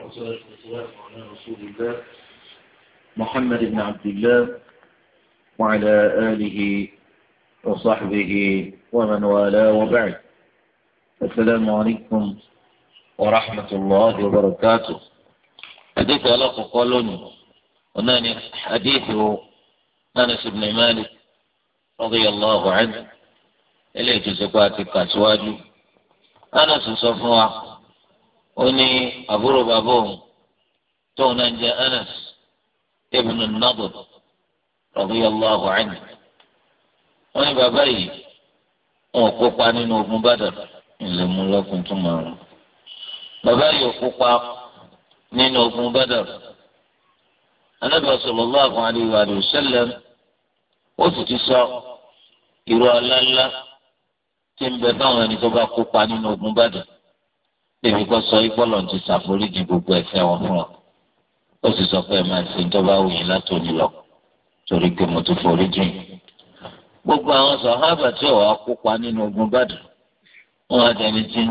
والسلام على رسول الله محمد بن عبد الله وعلى آله وصحبه ومن والاه وبعد السلام عليكم ورحمة الله وبركاته حديث لكم قالوني وناني حديث أنس بن مالك رضي الله عنه إليه جزاكاتك كاسواجي أنس صفوه ó ní àbúrò bàbá òun tóun náà ń jẹ Anas ibn an-Nadr radiyallahu anhu wọ́n ní bàbá yìí wọn ò kópa nínú ogun Badr ilé mu lọ́kùn tó máa rùn bàbá yìí ò kópa nínú ogun Badr Ànábì sallallahu alayhi wa sallam ó sì ti sọ irú ọlá tí ń bẹ fáwọn ẹni tó bá kópa nínú ogun Badr débi kọ́ sọ ìgbọ́lọ̀ ti ṣàforíjì gbogbo ẹ̀fẹ́ wọn fún ọ ó sì sọ pé ẹ máa ṣe ìjọba òyìn látòní lọ torí pé mo ti foríjì gbogbo àwọn sọ̀hábà tí ò wá kópa nínú ogun bàdù wọn á dẹni tí ń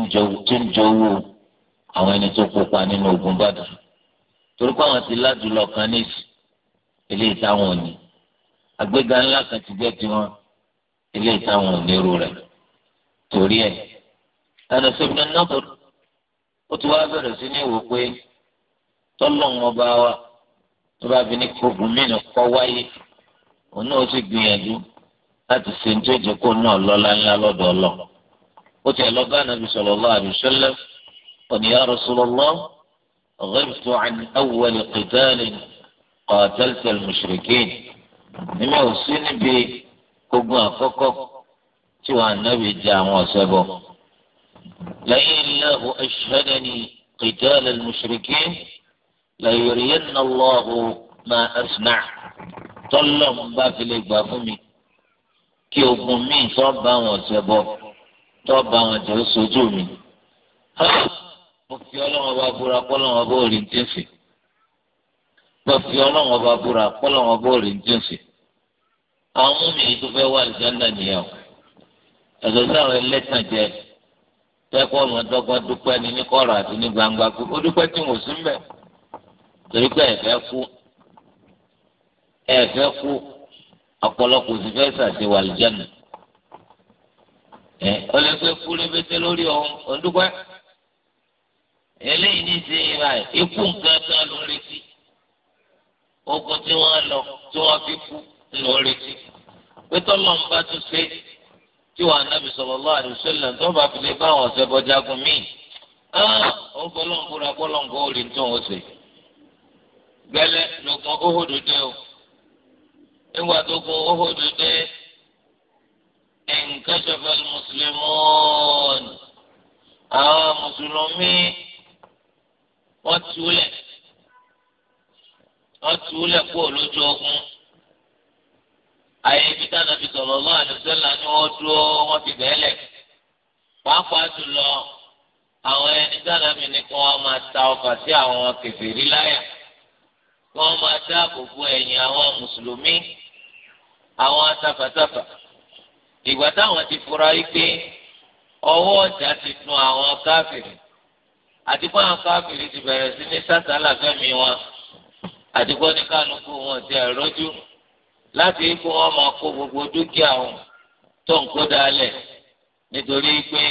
jowó àwọn ẹni tó kópa nínú ogun bàdù torí pé àwọn ti ládùúlọ kan ní ilé ìtàwọn òní àgbéga ńlá kan ti gbé tiwọn ilé ìtàwọn òní rú rẹ torí ẹ ẹnu sọ fún ẹ náà bọdọ ó tún wáá bẹ̀rẹ̀ sí ní wò pé tọ́lọ́run ọba wa tó bá fi ní kóògùn mìíràn kọ́ wáyé òun náà ó sì gbìyànjú láti ṣe ní tó jẹ́ kó náà lọ́lá ńlá lọ́dọ̀ ọlọ́run ó tiẹ̀ lọ bá nàbì sallallahu alaihi wasallam òní ya Rasulullah غبت عن أول قتال قاتلت المشركين nínú òsín níbi ogun àkọ́kọ́ tí wọ́n ànábì jẹ́ àwọn ọ̀sẹ̀ bọ̀. لئن الله أشهدني قتال المشركين ليرين الله ما أصنع tọ́lọ́mù bá fi lè gbà fún mi kí ogun míì tó bá wọn jẹ bọ tó bá wọn jẹ ó sojú mi. mo fi ọlọ́wọ́n bá búra kọ́lọ́wọ́n bó rí jíǹsì. mo fi ọlọ́wọ́n bá búra kọ́lọ́wọ́n bó rí jíǹsì. àwọn mú mi tó fẹ́ wà lìjánná nìyẹn o. ẹ̀sọ́ sáwọn ẹlẹ́tàn jẹ́ ẹ̀ tẹ́kọ̀ ọmọdọ́gbọ́n dúpẹ́ ni ní kọ̀rọ̀ àti ní gbangba pé ó dúpẹ́ tí wò sí mbẹ́ torí pé ẹ̀fẹ́ kú ẹ̀fẹ́ kú ọ̀pọ̀lọpọ̀ sì fẹ́ sàṣẹ wà lìjẹ́nu ẹ̀ ó lè pé kú rébété lórí ọ̀hún ọ̀dúpẹ́ eléyìí ní ṣe ìhà ikú nǹkan kan ń retí ogun tí wọ́n lọ tí wọ́n fi kú ló ń retí pé tọ́lọ́mùbá tún ṣe é tí wàá nàbì sallallahu alaihi wasallam tó bá fi lè bá àwọn ọ̀sẹ̀ bọ́jágun míì ó gbọ́lọ́ǹgbọ́ra gbọ́lọ́ǹgbọ́ ó lè tún ọ̀sẹ̀ gbẹ́lẹ́ lọ́gbọ́n óhòdó dé o nígbà tó gun óhòdó dé ẹ̀ǹkẹ́sọ̀fẹ́ mùsùlùmọ́ọ̀nù àwọn mùsùlùmí wọ́n túlẹ̀ wọ́n túlẹ̀ kúrò lójú ogun ayé ibi táwọn fi sọ̀rọ̀ lọ́wọ́ àdùsọ́là ni wọ́n dúró wọ́n fi bẹ́ẹ̀lẹ̀ pàápàá jùlọ àwọn ẹni táwọn fi ní kí wọ́n máa ta ọkọ̀ sí àwọn kèfèrí láyà kí wọ́n máa dáàbò bo ẹ̀yìn àwọn mùsùlùmí àwọn atafàtafà ìgbà táwọn ti fura yìí pé ọwọ́ ọjà ti tún àwọn káfìrí àti pé àwọn káfìrí ti bẹ̀rẹ̀ sí ní sátálà fẹ́mi wọn àti pé oníkàlùkù wọn ti ẹ̀ láti kó wọn máa kó gbogbo dúkìá wọn tó ń kó dálẹ̀ nítorí pé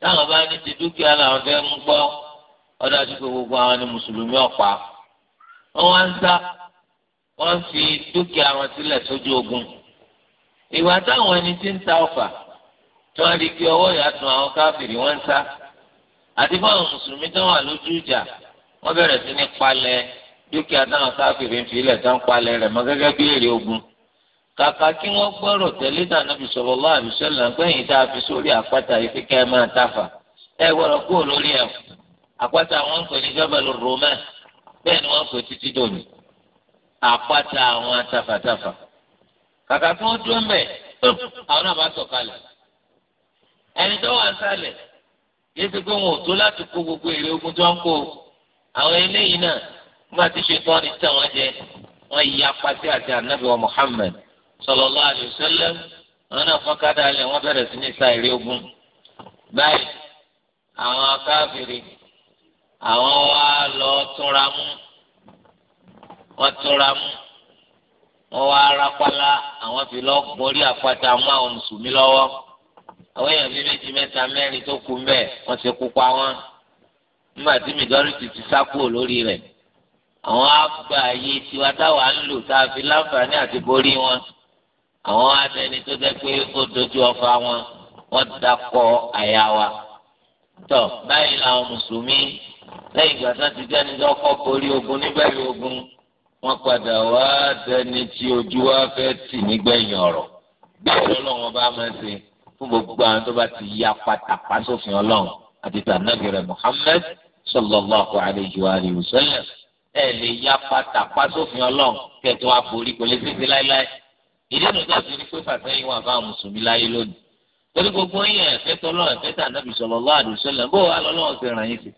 táwọn bá ní ti dúkìá làwọn fẹ́ mú gbọ́ ọdọ àti pé gbogbo àwọn ni mùsùlùmí ọ̀pá wọn wá ń sá wọn fi dúkìá wọn sílẹ̀ sójú ogun ìwà táwọn ẹni tí ń ta ọfà tí wọn rí pé ọwọ́ ìyàtọ̀ àwọn káfìrí wọn ń sá àti fáwọn mùsùlùmí tó wà lójú ìjà wọn bẹ̀rẹ̀ sí ní palẹ̀ dúkìá táwọn káfíìrì ń ilẹ̀ tán palẹ̀ rẹ̀ mọ́ gẹ́gẹ́ bí èrè ogun kàkà kí wọ́n gbọ́rọ̀ tẹ̀lé gbẹ̀yìn tá a fi sórí àpáta yìí kíkẹ́ ẹ máa tàfà ẹ lórí ẹ̀ àpáta wọn ń pè ní Jabal Rumah bẹ́ẹ̀ ni wọ́n pè títí dòní àpáta àwọn tàfàtàfà kàkà kí wọ́n dúró mẹ́ àwọn náà bá nígbà tí ṣètọ́ni tẹ̀ wọ́n jẹ wọ́n yí apàṣẹ àti ànábì wa Muhammad sallallahu alaihi wasallam wọn náà fọ́nkádà lẹ̀ wọ́n bẹ̀rẹ̀ sí ní sa èrè ogun báyìí àwọn akáfìrí àwọn wa lọ túnra mú wọ́n túnra mú wọ́n wá arápálá àwọn fi lọ borí àpáta mú àwọn mùsùlùmí lọ́wọ́ àwọn èèyàn bíi méjì mẹ́ta mẹ́rin tó kú mbẹ wọ́n ti kú pa wọ́n nígbà tí mìdọ́rìtì ti sá kúrò lórí rẹ̀ àwọn àgbà ayé tiwa táwa ń lò tá a fi láǹfààní àti borí wọn àwọn adẹni tó jẹ́ pé ó dojú ọfà wọn wọ́n dakọ àyà wa tọ báyìí làwọn mùsùlùmí lẹ́yìn ìgbà tó ti dẹni tó kọ borí ogun nígbẹ̀yìn ogun wọ́n padà wá dẹni tí ojú wa fẹ́ tì nígbẹ̀yìn ọ̀rọ̀ bẹ́ẹ̀ lọ́lọ́run bá máa ń ṣe fún gbogbo àwọn tó bá ti ya pátápá sófin Ọlọ́run àti tànàbí rẹ̀ Muhammad sallallahu alayhi wa sallam ẹ lè ya pata sófin ọlọ́run kẹtọ́ àforí kò lè tètè láéláé ìdí nu tó fi ní pé fàtẹ́yìn wà fáwọn mùsùlùmí láyé lónìí torí gbogbo yín ẹ̀fẹ́ tó lọ́wọ́ ẹ̀fẹ́ tà nàbì sọ̀rọ̀ lọ́wọ́ àdùsọ́lẹ̀ bó wà lọ́wọ́ ti ràn yín sí.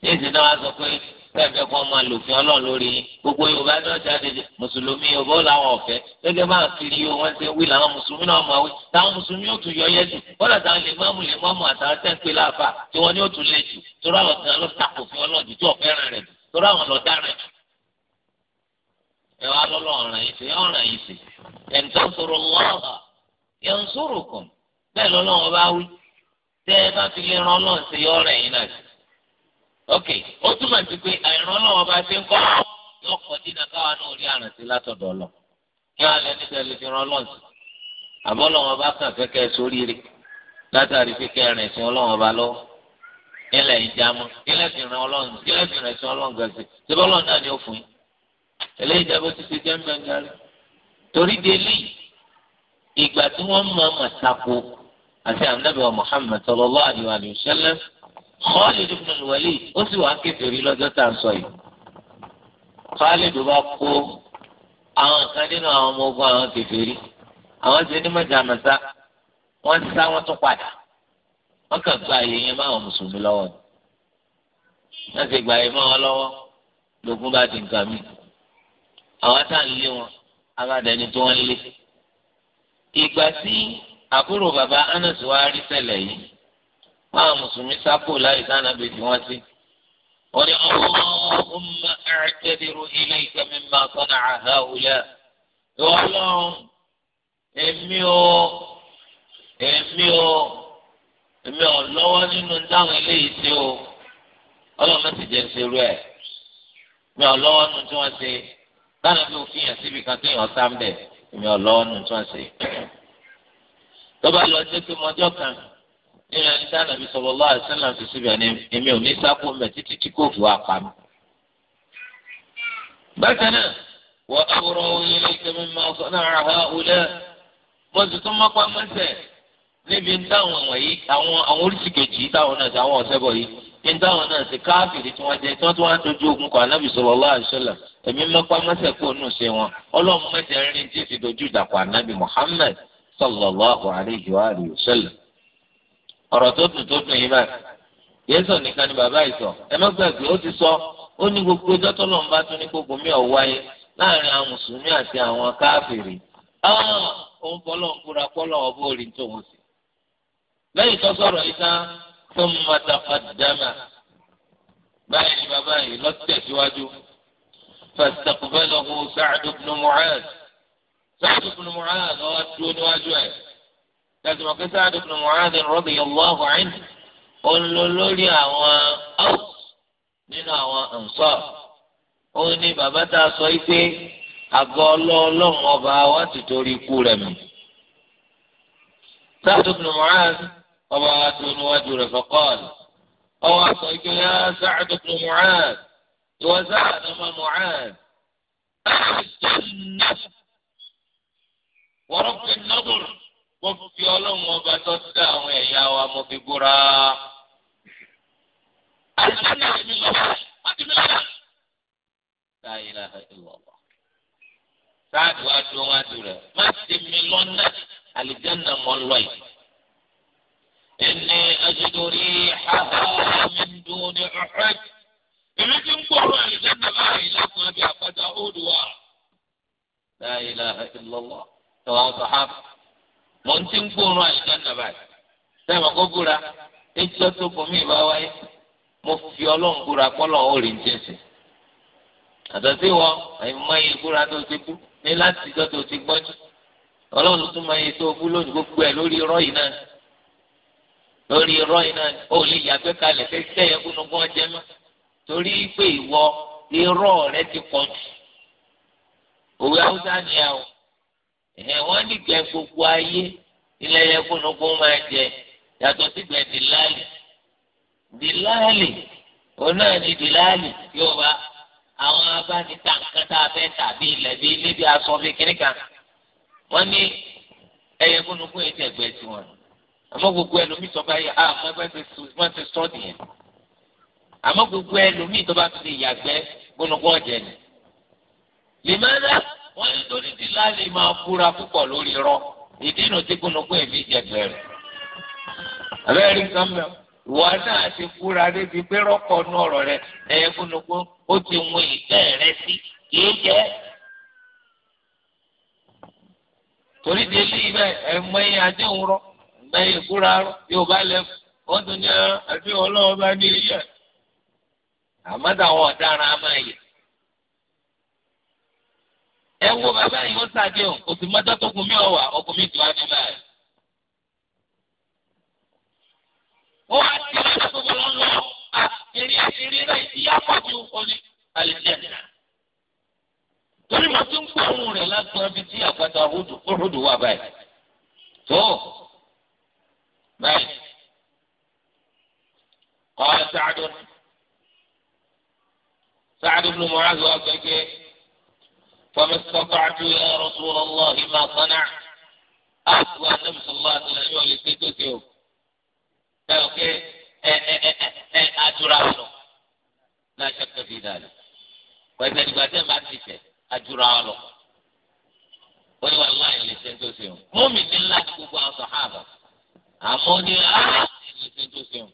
ní ìsìn náà wá sọ pé fẹ́ẹ̀fẹ́ kan máa lòfin ọlọ́run lórí yín gbogbo yorùbá ní ọjà dédé mùsùlùmí yorùbá ó làwọn ọ̀fẹ́ gẹ́gẹ́ bá ń kiri yóò wọ́n ṣe wí làwọn mùsùlùmí náà máa wí táwọn mùsùlùmí ó tún yọ yẹ́dù bọ́dà táwọn lè mọ́mù lè mọ́mù àtàwọn tẹ́ǹpé láàfà tí wọ́n ní ó tún lè jù torí àwọn lọ dára jù ẹ wá lọ́lọ́ ọ̀ràn yìí sí ọ̀ràn yìí sí ẹ̀ǹ tó ń sọ̀rọ̀ lọ́ọ̀bà yẹn ń sọ̀rọ̀ kàn bẹ́ẹ̀ lọ́lọ́ wọn bá wí tẹ́ ẹ bá fi lè ran ọlọ́run sí ọ̀ràn yìí náà sí. ok ó túmọ̀ sí pé àìràn ọlọ́run bá ṣe ń kọ́ lọ́kọ̀ dínà káwa náà rí àràn sí látọ̀dọ̀ lọ kí wọ́n lẹ níta lè fi ran ọlọ́run sí àbọ̀ bá kàn fẹ́kẹ́ sóríire látàrí fíkẹ́ rìn sí ọlọ́run bá lọ́wọ́ ilẹ̀ ìjàmù ilẹ̀ ti ràn ọlọ́run ilẹ̀ ti ràn ẹ̀sìn ọlọ́run gbèsè síbí ọlọ́run náà ni ó fún yín eléyìí jábọ́ ti ṣe jẹ́ mẹ́ngàrí torí délé ìgbà tí wọ́n máa mà tako àti anabi wa Muhammad sallallahu alaihi wa sallam Khalid ibn al-Walid ó sì wá kèfèrí lọ́jọ́ tá à ń sọ yìí Khalid bá kó àwọn kan nínú àwọn ọmọ ogun àwọn kèfèrí àwọn ti ní mọ̀jà mọ̀ta wọ́n sá wọ́n tún padà wọ́n kàn gba àyè yẹn máa wọn mùsùlùmí lọ́wọ́ ni wọ́n ti gba àyè máa wọn lọ́wọ́ lókun bá ti nǹkan mi àwọn tá à ń lé wọn abádẹni tó wọ́n lé ìgbà tí àbúrò bàbá Anas wa rí ṣẹlẹ̀ yìí máa mùsùlùmí sápò láì sáànà bíi tí wọ́n sí wọ́n ní Allahumma a'tadiru ilayka mimma sana'a haula ìwọ Ọlọ́run èmi o èmi o èmi ò lọ́wọ́ nínú táwọn eléyìí ṣe o ọlọ́run ti jẹ́ ṣerú ẹ̀ mi ò lọ́wọ́ nínú tí wọ́n ṣe táwọn ẹbí òfin yẹn síbi kan kéèyàn sá ń bẹ̀ èmi ò lọ́wọ́ nínú tí wọ́n ṣe. tó bá lọ jẹ́ pé mọ́jọ́ kan nínú ẹni táwọn ẹbí sọ̀rọ̀ lọ́wọ́ àìsàn fi síbẹ̀ ni èmi ò ní sáko mẹ́ títí tí kò fi wá pa mi. bákan náà wọ́n á wúrọ̀ òun ilé ìtẹ̀mí máa sọ náà níbi táwọn wọ̀nyí àwọn àwọn oríṣi kejì táwọn náà ti àwọn ọ̀sẹ́bọ̀ yìí ní táwọn náà ti káfíìrì tí wọ́n jẹ tí wọ́n tún wá dojú ogun kọ anábì sallallahu alaihi wasallam ẹ̀mí mọ́pá mọ́sẹ̀ kó nù ṣe wọn ọlọ́run mẹ́tẹ̀ ń rìn tí fi dojú ìdàpọ̀ anábì Muhammad sallallahu alaihi wasallam. ọ̀rọ̀ tó ni bàbá ìsọ ẹ má gbàgbé ó ti sọ ó ní gbogbo dọ́tọ́lọ́run bá tún ní gbogbo mi ọ̀ wáyé láàrin àwọn mùsùlùmí àti àwọn káfíìrì. ọ̀hún ah, òun bọ́lọ̀ ń kúra pọ́lọ̀ ọ̀bọ̀ orin tó sí lẹ́yìn tó sọ̀rọ̀ yìí tán tó mọ̀tàkà dáná báyìí ni bàbá yìí lọ tẹ̀síwájú fastaqbalahu Sa'd ibn Mu'adh Sa'd ibn Mu'adh lọ́wọ́ dúró níwájú ẹ̀ tẹ̀síwá pé Sa'd ibn Mu'adh radiyallahu anhu olólórí àwọn Aws nínú àwọn Ansar ó ní bàbá tá sọ yìí pé àgọ́ ọlọ́ọ̀lọ́ọ̀ ọba ti torí ikú rẹ̀ mọ́ Sa'd ibn Mu'adh ọba wa tó níwájú rẹ̀ fọkọ́ọ̀lù ọwọ́ àtọ̀ ike ya Sa'd ibn Mu'adh ìwọ Sa'd ọmọ Mu'adh wọ́n fi nọ́bùrù wọ́n fi ọlọ́run ọba tó ti dá àwọn ẹ̀yà wa mo fi búra. àlùfáà mi lọ wá ti mi lọ́dà. sáyé láhà ìwọ̀ ọ̀pọ̀. sáàdù wá dùn wá dùn rẹ̀ má ti mi lọ́nà àlìjẹ́ nà mọ́ lọ́yìn. أجد ريحها من دون أحد èmi ti ń gbọ́rọ̀ àlùjáde báyìí lákùn àbí àpáta òdùwà. La ilaha illallah tọ́wọ́ sọ̀hábà mọ̀ ń ti ń gbọ́rọ̀ àlùjáde báyìí. sẹ́wọ̀n kó búra ẹjọ́ tó kọ mí bá wáyé mo fi ọlọ́run búra pọ́lọ̀ òòrì ń jẹ́sẹ̀. àtọ̀tí wọn àìmọye búra tó ti kú ní láti ìjọ tó ti gbọ́jú ọlọ́run tó máa yẹ tó bú lónìí gbogbo ẹ̀ lórí rọ́ọ̀yì náà lórí irọ́ iná ó lè yàgbé kalẹ̀ pé sẹ́yìn gúnugún ọjẹ́ mọ́ torí pé ìwọ irọ́ rẹ ti pọ̀ jù òwe haúsá ni ẹ o ẹ̀ wọ́n nìkẹ́ gbogbo ayé ilẹ̀ yẹn gúnugún máa jẹ yàtọ̀ sígbẹ̀ dìláàlì dìláàlì òun náà ni dìláàlì yóò wá àwọn abánitá nǹkan tá a fẹ́ tàbí ilẹ̀ bí ilé bí aṣọ wọ́n ní ẹyẹ yìí tẹ̀gbẹ́ tiwọn àmọ́ gbogbo ẹlòmíì tó bá yẹ a mọ ẹgbẹ́ ti wọ́n ti sọ́ nìyẹn àmọ́ gbogbo ẹlòmíì tó bá ti lè yàgbẹ́ gbónúgbó ọ̀jẹ̀ ni. lèmọ́dá wọ́n ní torí ti láàlè máa kúra púpọ̀ lórí rọ ìdínà tí gbónúgbó èmi jẹ bẹ̀rẹ̀. abẹ́rẹ́ nǹkan mẹ́ ìwà náà ti kúra débi pé rọ́pọ̀ nú ọ̀rọ̀ rẹ ẹ̀yẹ gbónúgbó ó ti wọ ìtẹ́ rẹ sí kìí jẹ́. torí délé ibẹ̀ ẹ̀mọ́ ẹ̀yìn adéhùn rọ́ lẹ́yìn ìkúra yóò bá lẹ́fù wọ́n tún ní àti ọlọ́wọ́ bá ní yẹ. àmọ́ táwọn ọ̀daràn á máa yẹ. ẹ wo bàbá yìí ó sàdé o kò sì mọ́tò tó kun mí ọ̀wà ọkùnrin tó wá ní báyìí. ó wá sí ọjọ́ tó bọ̀ lọ́wọ́ àtìrí àtìrí rẹ̀ ti yá pàjù òní àlejò torí mo tún gbọ́ ohun rẹ̀ lágbọ́n bíi tí àgbàdo òhùdù wà báyìí. tó aụmụazi ge fọrụ tọaụrụụlọ aan e ajụrụ ọrụ oeị ie a àmọ́ ní ààrẹ tó sẹ́wọ̀n.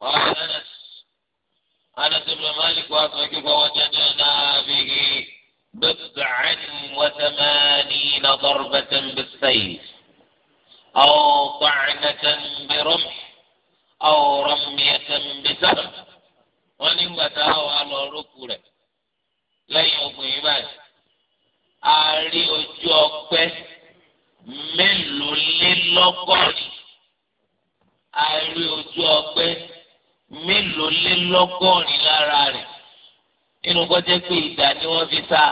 wàá Anas Anas ibn Malik wàá sọ kí wọ́n jẹ́jẹ́ náà bí i bẹ́ẹ̀ وثمانين ضربة بالسيف أو طعنة برمح أو رمية بسهم wọ́n nígbà tá a wà lọ rókù rẹ̀ lẹ́yìn ogun yìí báyìí a rí ojú ọpẹ́ mélòólélọ́gọ́rin àìrí ojú ọgbẹ́ mélòólélọ́gọ́rin lára rẹ̀ nínú gbọ́dọ̀ pé ìdá ni wọ́n fi ta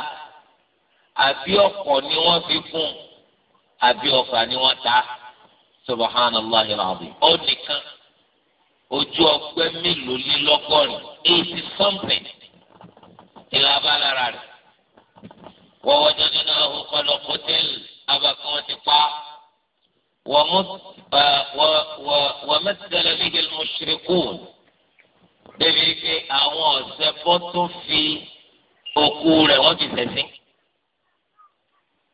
àbí ọ̀pọ̀ ni wọ́n fi kún àbí ọ̀fà ni wọ́n ta subhanallahi alazim ó nìkan ojú ọgbẹ́ mélòólélọ́gọ́rin eighty something ìlà abá lára rẹ̀ wọ́wọ́ jẹ́ nínú ọkọ̀ lọ́kọ́ أبقى وتقى ومثل به المشركون débi pé àwọn ọ̀sẹ̀ bọ́ tó fi òkú rẹ̀ wọ́n fi sẹ̀sìn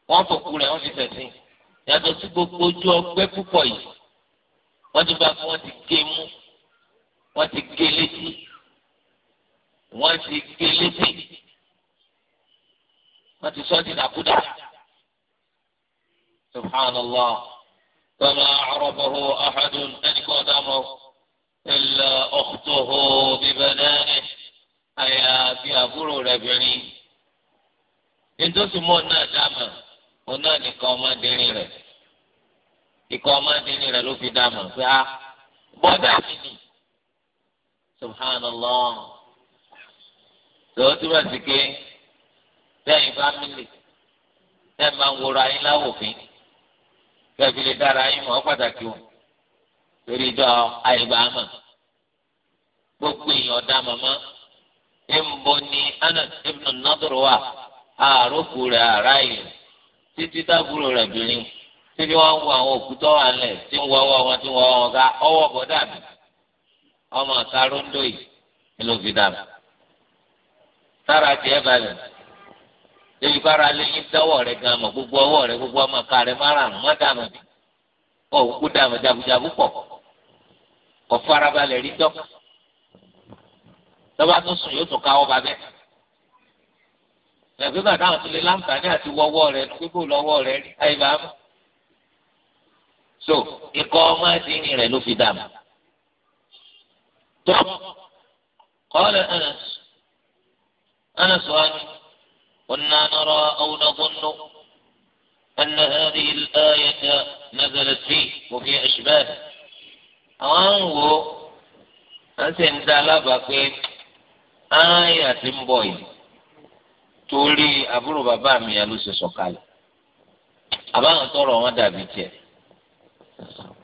wọ́n fòkú rẹ̀ wọ́n fi sẹ̀sìn yàtọ̀ sí gbogbo ojú ọgbẹ́ púpọ̀ yìí wọ́n ti bá fún wọ́n ti gé mú wọ́n ti gé létí wọ́n ti gé létí wọ́n ti sọ́ di nàkúdà. سبحان الله فما عرفه أحد أن قدمه إلا أخته ببنائه أيا في أبو ربعين nítorí mọ náà dáàmà mọ náà nìkan ọmọdéni rẹ nìkan ọmọdéni rẹ ló fi dáàmà pé a ah, bọ́dà mi nì subhanallah tòun túmọ̀ sí pé bẹ́ẹ̀ ni fámìlì bẹ́ẹ̀ máa ń wòrò ayé láwòfin kẹfì lè dára yín mọ̀ ọ́ pàtàkì o torí jọ àìbámọ̀ gbogbo èèyàn ọ̀dà màmá ẹ̀ǹbọ ni Anas ibn Nadr wà àròkù rẹ̀ àráyè títí tábúrò rẹ̀ bìnrin síbi wọn wo àwọn òkútọ́ wà lẹ̀ tí ń wọ́wọ́ wọn tí ń wọ́wọ́ wọn ká ọwọ́ bọ́ dàbí ọmọ àtàróńdó yìí ló fi dàbí sára tiẹ̀ balẹ̀ èyí bára lé yín dáwọ́ rẹ̀ gan mọ̀ gbogbo ọwọ́ rẹ̀ gbogbo ọmọ ká rẹ̀ márùn-ún má dànù bí òkú dànù jagunjagun pọ̀ kò farabalẹ̀ rí dọ́ tọ́ba tó sùn yóò tún káwọ́ babẹ́ ẹ̀fẹ́ bàtà àwọn tó lè láǹfààní àti wọ́wọ́ rẹ̀ gbogbo lọ́wọ́ rẹ̀ rí ayé bá mú so ikọ̀ ọmọ ẹ̀dínrín rẹ̀ ló fi dànù tó kọ́ ọ́ lẹ́ ẹ̀nà sọ ẹ̀nà sọ قلنا نرى أو نظن أن هذه الآية نزلت فيه وفي أشباهه أو أنت أنت لا بقيت آية بوي torí àbúrò bàbá mi yẹn ló ṣe sọ̀kalẹ̀ àbáwọn tọrọ wọn dàbí tiẹ̀.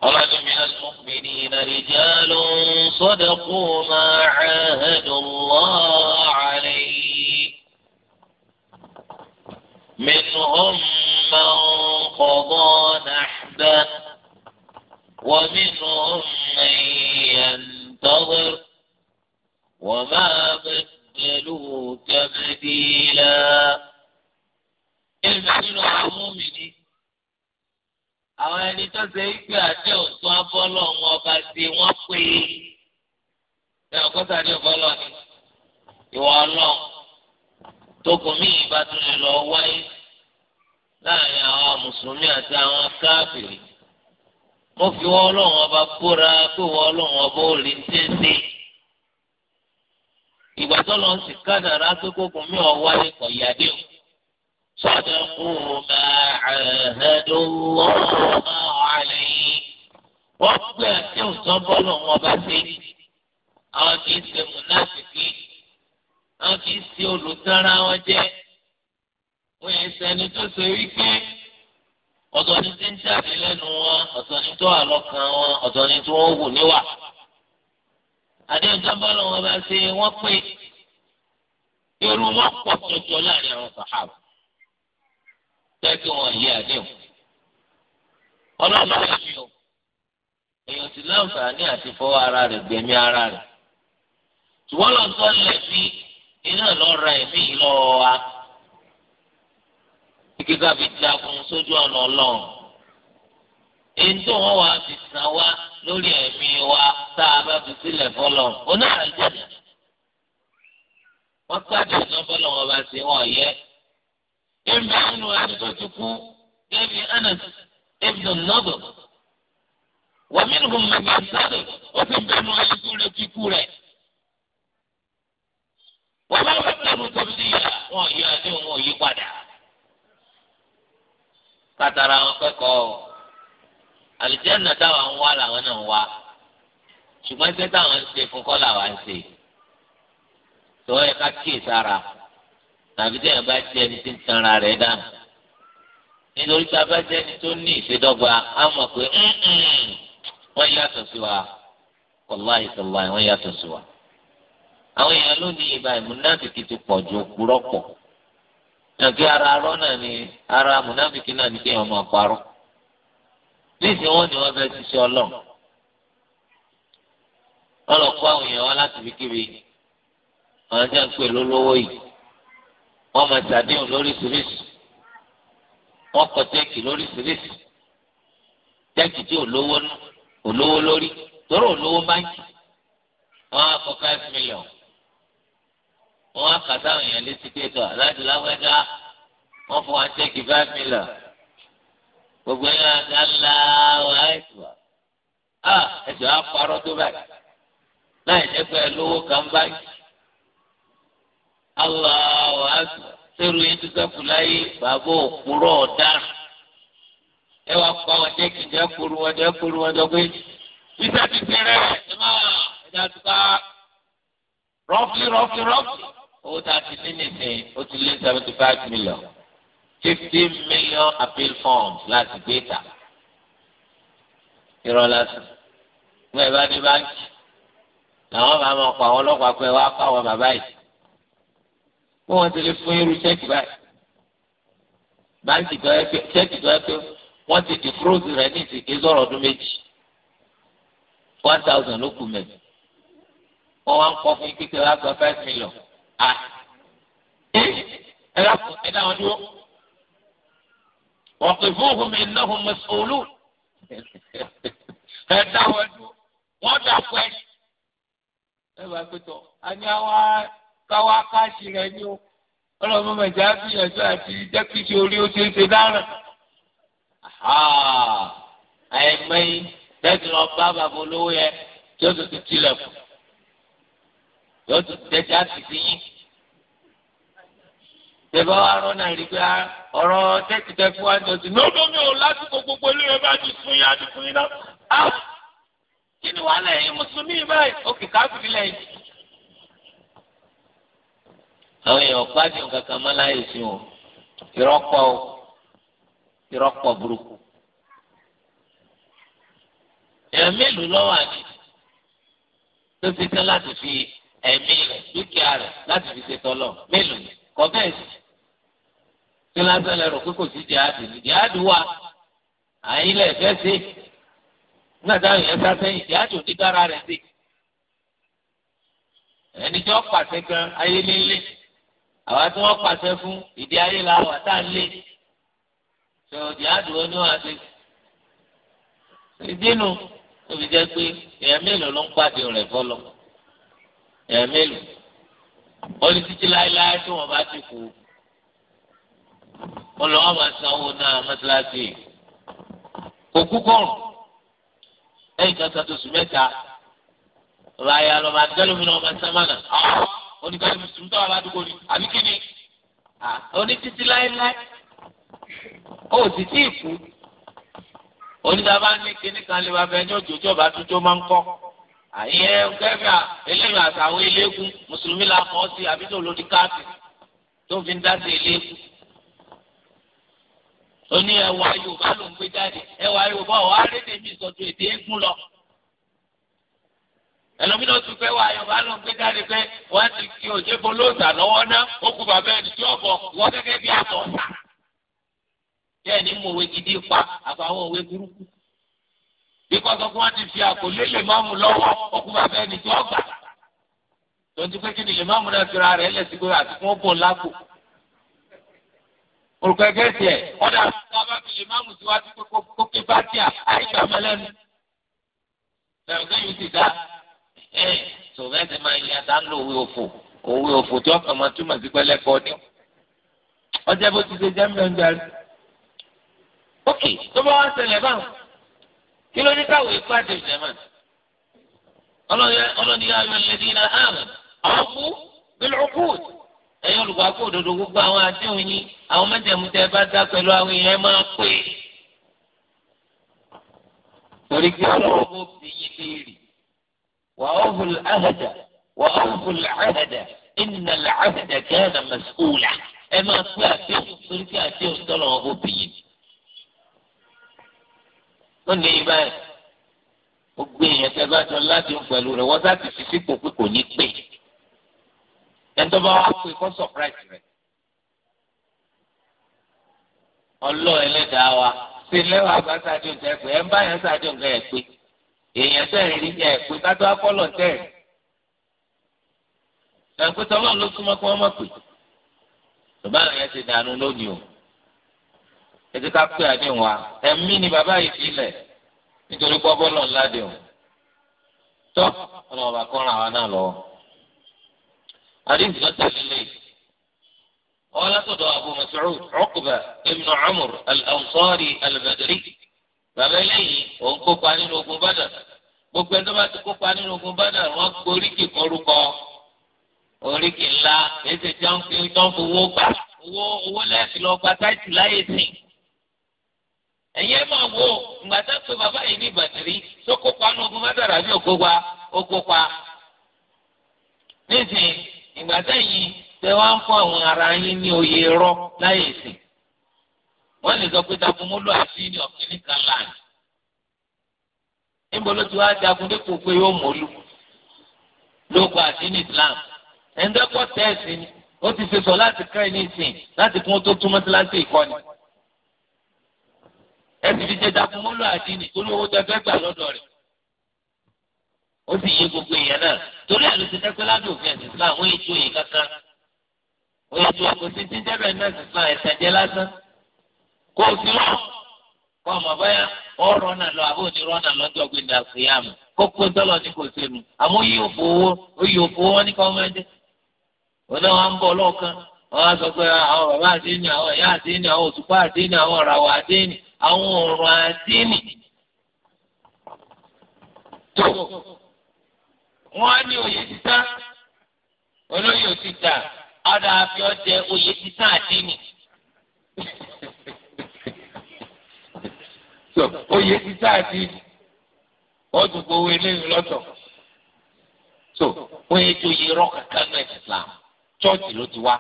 ọlọ́dún mi náà ló pè ní ìnáríjà ló ń sọ́dọ̀ kó máa hàn ẹ́dùn lọ́ọ́ àárẹ̀. منهم من قضى نحبه ومنهم من ينتظر وما بدلوا تبديلا المسلم المؤمن àwọn ẹni tó ṣe é gbé àti òtún abọ́lọ̀ wọn ọba sí wọn pé ẹ ọgọ́ta ní ọbọ̀lọ́ ni ìwọ ọlọ́run tókun míì bá tún lè lọ wáyé láàrin àwọn mùsùlùmí àti àwọn káfìrí mo fi wọ́n ọlọ́run ọba búra pé wọ́n ọlọ́run ọba ò lè tẹ́sí ìgbà tó lọ sí kádàrá tó kókun mi ò wáyé kọ o sọdọ kú máa àhẹdọ lọ́wọ́ àlẹ yìí wọ́n gbé àti òsán bọlọ wọn bá sí àwọn kì í ṣe mùnáfíkì àwọn kì í ṣe olùtara wọn jẹ wọn yẹn sẹni tó ṣe wípé ọ̀tọ̀ ni tí ń jáde lẹ́nu wọn ọ̀tọ̀ ni tó wà lọ́kàn wọn ọ̀tọ̀ ni tí wọ́n wù níwà. àdéhùn sábà lọ́wọ́ bá ṣe wọ́n pé irú wọn pọ̀ jọjọ láàrin àwọn sàhábà tẹ́kí wọn yé àdéhùn. ọlọ́run yóò yọ èèyàn sì láǹfààní àti fọwọ́ ara rẹ̀ gbẹ̀mí ara rẹ̀. ṣùgbọ́n lọ́sọ̀ọ́ lẹ́sìn iná lọ ra ẹ̀mí yìí lọ́wọ́ wa kíkà fi jagun sójú ọ̀nà ọlọ́run èyí tó wọ́n wá fi sàn wá lórí ẹ̀mí wa tá a bá fi sílẹ̀ fọlọ́ onára ìjọba wọ́n kájọ ìtàn fọlọ́ wọn bá ṣe wọ́n yẹ ẹ̀mí nínú ẹni tó ti kú ẹ̀mí Anas ibn Nadr wàmínú mọ̀ ní sáré ó sì bẹ̀rù ẹni tó lè kíkú rẹ̀ wọ́n bá wọ́n tẹ̀lé tẹ̀síyà wọn yí adéhùn wọn yí padà. kátàrà àwọn akẹ́kọ̀ọ́ àlìjẹ́nà táwọn ń wá làwọn náà ń wá ṣùgbọ́n iṣẹ́ táwọn ń ṣe fún kọ́ làwọn ń ṣe. tó yẹ ká kíyè sára tàbí tẹ̀yìn bá jẹ́ ẹni tí ń tanra rẹ̀ dànù. nítorí tá a bá jẹ́ ẹni tó ní ìṣèdọ́gba á mọ̀ pé wọ́n yàtọ̀ sí wa wàláhìí sọ̀rọ̀ wọ́n yàtọ̀ sí wa àwọn èèyàn lónìí ìbá ìmúnáfìkì ti pọ̀ ju òpùrọ̀ pọ̀ nàbí ara arọ́ náà ni ara múnáfìkì náà ni kéèyàn máa parọ́ níìsín wọn ni wọn fẹ́ ṣiṣẹ́ ọlọ́run wọn lọ kó àwọn èèyàn wá láti fi kíbi àwọn ajá ń pè lólówó yìí wọn máa ṣàdéhùn lóríṣiríṣi wọn kọ tẹ́ẹ̀kì lóríṣiríṣi tẹ́ẹ̀kì tí olówó lórí tóró olówó báńkì wọn á kọ five million wọ́n á kà sáwọn èèyàn létí pé tọ́ aláàdì lágbájá wọ́n fún wa ṣẹ́ẹ̀kì five million gbogbo yẹn láti aláwọ̀ àìsàn à ẹ̀jọ̀ á parọ́ tó báyìí láì jẹ́ pé lówó kan báyìí aláwọ̀ àìsàn sẹ́rù yín tó sẹ́kù láyé bàbá òkúrọ̀ ọ̀daràn ẹ wá pa wọn ṣẹ́ẹ̀kì jẹ́ kuru wọn jẹ́ kuru wọn jọ pé bísí àti fẹ́rẹ́ ẹ̀ máa ẹ̀dá tó ká rọ́fì rọ́fì owó tá a ti ní nìsín ó ti lé seventy five million fifteen million appeal forms láti gbé ta irọ́ lásán wọ́n ẹ̀ bá dé báńkì làwọn bá máa pa àwọn ọlọ́pàá pé wọ́n á pa àwọn bàbá yìí kó wọ́n ti lè fún irú ṣẹ́ẹ̀kì báyìí báńkì tó ẹ pé ṣẹ́ẹ̀kì tó ẹ pé wọ́n ti di fúróòsì rẹ̀ ní ìsìnkí sọ̀rọ̀ ọdún méjì one thousand ló kù mẹ́rin wọ́n wá ń kọ́ fún kíkẹ́ wá gba five million à ah, eh, ẹ ẹ dàpọ̀ ẹ dà wọn dúró wọ́n pè fún òhun mi náà fún mọ̀sọ́lù ẹ dà wọn dúró wọ́n dàpọ̀ ẹ. ẹ bá pẹ́ tọ́ a ní àwa káwa káàṣì rẹ ní o ọlọ́mọ mẹ̀jẹ̀ á gbìyànjú àti jẹ́kìtì orí ó ṣe é ṣe dára. àìmọye tẹ́sí lọ bá bàbá olówó yẹ tí ó tún ti tilẹ̀ fún yóò tún tẹ́jà sí sí yín. Tẹ̀bá wa rán náà rí pé ọ̀rọ̀ tẹ́tì tẹ fún wa ní ọ̀sìn. Lọ́dọ̀ mi ò lásìkò gbogbo ilé rẹ̀ bá ti fún yín, á ti fún yín náà. Ah! Kí ni wàá lẹ̀yìn Mùsùlùmí báyìí? Òkè káfíìn lẹ́yìn. Àwọn èèyàn gbádùn kankan máa láyè sí wọn. Ìrọ́pọ̀ ìrọ́pọ̀ burúkú. Èèyàn mélòó lọ́wọ́ àná? Tó fi tán láti fi ẹ̀mí rẹ̀ dúkìá rẹ̀ láti fi ṣe tọ́lọ̀ mélòó kọ́ bẹ́ẹ̀ sí. tí lásán lè rò pé kò sí jihadi jihadi wa àyín lẹ̀ fẹ́ sí nígbà táwọn èèyàn sá sẹ́yìn jihadi ò ní dára rẹ̀ sí. ẹni tí wọ́n pàṣẹ gan ayé nílé àwa tí wọ́n pàṣẹ fún ìdí ayé la wà tá jihadi ni wọ́n ṣe. ìdí òbí jẹ́ pé èèyàn ẹ̀ẹ́mẹ́lò wọ́n ní títí láéláé tí wọ́n bá ti kú wọ́n lọ́wọ́ máa san owó náà mọ́tíláṣí kò kú kọ́rùn ẹ̀yìn kan sọ tóṣù mẹ́ta ọba ayé alọ́ba àtẹ́lómìnà ọba sámánà oníkàlẹ́ mùsùlùmí tó ni àbí kíni oní títí láéláé ó sì tí ì kú onídàá ní kíní kan lè wá bẹ ní òjòjò bá tó tó máa ń kọ́ àyẹ kẹfà eléyìí àtàwọn eléégún mùsùlùmí la kọ́ sí àbí tó lòdì káàtì tó fi ń dáṣe eléégún. o ní ẹwà yorùbá ló ń gbé jáde ẹwà yorùbá ọ̀ árédè mi sọ̀tún èdè eégún lọ. ẹlòmínà tún pé wà yorùbá ló ń gbé jáde pé wọ́n ti kí òjé bolóòtà lọ́wọ́ ná ó kú bàbá ẹni tí ọ̀bọ̀ wọ́n gẹ́gẹ́ bí àtọ̀ ọ̀tà. bẹ́ẹ̀ ni mo wé gidi pa àfàwọn òwe burúkú bíkọ́ sọ pé wọ́n ti fi àkọlé lè má mú lọ́wọ́ ọkùnrin bàbá ẹni tí wọ́n gbà. tontu pé kí ni lè má mú náà fira rẹ̀ lẹ̀ sí pé àti fún bò lágbo. olùkọ́ ẹgbẹ́ tiẹ̀ ọ̀dà bàbá fi lè má mú síwájú pé kó ké bá tíà àìgbà mẹ́lẹ́nu. bẹ̀rù sẹ́yìn ti dá ẹ̀ sọ̀rọ̀ ẹ̀ máa ń yàtá òwe òfò òwe òfò tí ọkàn máa túmọ̀ sí pẹ́lẹ́ kọ́ni. ọjọ́ kí ló ní káwé ikú àti ìjẹ̀mọ̀ ọlọ́ni yá ayọ̀ lẹ́dínà àmì ọ̀kú bílùkù ẹ̀yin olùgbàgbọ́ òdodo gbogbo àwọn àdéhùn yín àwọn mẹ́tẹ̀ẹ̀mútẹ́ bá dá pẹ̀lú àwọn èèyàn máa pè é torí kí ọlọ́wọ́ bó fi yín léèrè wà ó fún ahẹ́dà wà ó fún ahẹ́dà ìnà ahẹ́dà kẹ́hìnà mẹ́sùkúlà ẹ máa pé àdéhùn torí kí àdéhùn tọ́lọ́wọ́ bó fi yín ó lè yí báyìí gbogbo èèyàn tẹ bá jọ láti ń pẹ̀lú rẹ̀ wọ́n sáti fi sípò pé kò ní pè ẹni tó bá wá pé kó sọpráìsì rẹ̀ ọlọ́ ẹlẹ́dàá wa ṣe lẹ́wọ̀ àgbà sáájú nǹkan ẹ̀pẹ́ ẹ̀ ń bá yẹn sáájú nǹkan ẹ̀pẹ́ èèyàn tẹ̀rẹ̀ rí yẹn ẹ̀pẹ́ ká tó akọ́lọ̀ tẹ̀rẹ̀ ẹ̀pẹ́ tọ́lọ́ ló súnmọ́ kí wọ́n mọ̀ pé tọ́ba yẹn ti dànù lónìí o ẹtí ká pé àdéhùn wa ẹ̀mí ni bàbá yìí fi lẹ̀ nítorí pọ́bọ́ náà ládéhùn tọ́ ọlọ́run bá kọ́ra àwa náà lọ́wọ́. àdéhùn náà tẹ̀lé lé wọ́n látọ̀dọ̀ Abu Mas'ud Uqba ibn Amr al-Ansari al-Badri bàbá eléyìí òun kópa nínú ogun Badr gbogbo ẹni tó bá ti kópa nínú ogun Badr wọ́n gboríkì kọrúkọ oríkì ńlá èsì tí wọ́n fi owó gbà owó owó lẹ́sìn lọ gba táìtì láyé sìn ẹ̀yẹ́ máa wo ìgbà tá a pe bàbá yìí ní ìbàdìrí tó kópa ní ogun mẹ́tàlá bí ó kópa ó kópa. nísìnyí ìgbà sẹ́yìn tẹ wá ń fún àwọn ara yín ní oyè rọ láyè ìsìn. wọ́n lè sọ pé dagunmólú àti ní ọ̀kìnní kan láàyè. níbo ló ti wá jagun dípò pé yóò mọ̀lú lóko àti ní Islam. ẹ̀ńdẹ́kọ̀ tẹ̀sí ni ó ti ṣe sọ láti kẹ́ ẹ̀ ní ìsìn láti kún ó tó túmọ̀ sí láti ìkọ́ni. ebi ti fi ṣe takun mọ́lú àdínì torí owó tẹ fẹ́ gbà lọ́dọ̀ rẹ̀ ó sì yé gbogbo èèyàn náà torí ẹ̀ ló ti dẹ́pẹ́ ládùn òfin ẹ̀sìn Islam wọ́n yé tó yẹ kankan wọ́n yé tó yẹ kó sí ti náà lásán sí kó ọmọ ọ̀rọ̀ náà lọ àbó lọ́jọ́ gbẹ̀dẹ̀ kó kó àwọn ọ̀rọ̀ àdínì tó wọ́n á ní òye títà olóyè òtítà ọ̀dà àfi jẹ òye títà àdínì. òye títà àdínì wọ́n tún gbowó eléyìí lọ́tọ̀ so wọ́n yẹ tó yẹ rọ́ọ̀kà kánú chọ́ọ̀tì ló ti wá.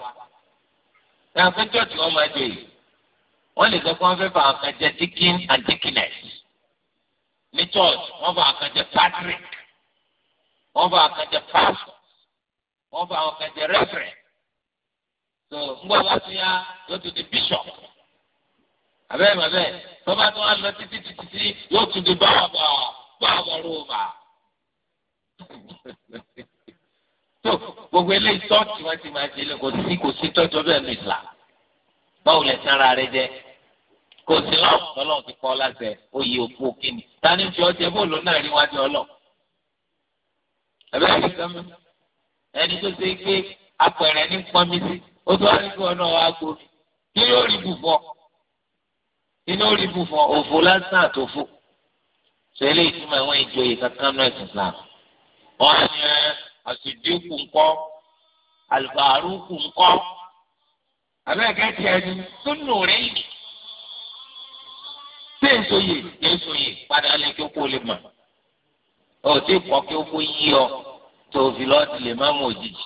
chọ́ọ̀tì wọn máa jẹ wọ́n lè sọ pé wọ́n fẹ́ fà kan jẹ and chickeness ní church wọ́n fà kan patrick wọ́n fà kan jẹ pastor wọ́n fà kan jẹ reverend so ńgbọ́ bá ti yá yóò tún di bishop abẹ́rẹ́ bàbẹ́ tọ́ba tó wá lọ títí títí tí yóò tún di báwọ̀bọ̀ báwọ̀bọ̀ rúbà so gbogbo eléyìí tọ́ọ̀tì wọn ti máa ṣe lé kò sí kò sí tọ́jú ọbẹ̀ ní ìlà báwo lẹ sanra rẹ jẹ kò sí lọ́wọ́ tọ́lọ́wọ́ ti kọ́ láṣẹ oyè òkú òkìní ta ni fi ọjẹ bóòlù náà rí wájú ọlọ. ẹ̀bẹ̀ mi sọ́mi ẹni tó ṣe pé apẹ̀rẹ̀ ní pọ́nmi sí ó tó wá nígbà náà wá gbòmí kí ló rí bùfọ́ kí ló rí bùfọ́ òfò lásán àtòfò ṣẹlẹ̀ ìtumọ̀ ẹ̀wọ̀n ìjòyè kankan náà ẹ̀sìn Islam wọn á ní àṣìdínkù ńkọ́ àlùbárùkù ńkọ́ àbẹ́ẹ̀kẹ́ tiẹ̀ ní sunu rẹ̀ yìí ṣé èso yìí èso yìí padà lè kí ó kó lè mọ̀ ọ tí kọ́ kí ó kó yí ọ tó fi lọ́ọ́ ti lè má mú òjijì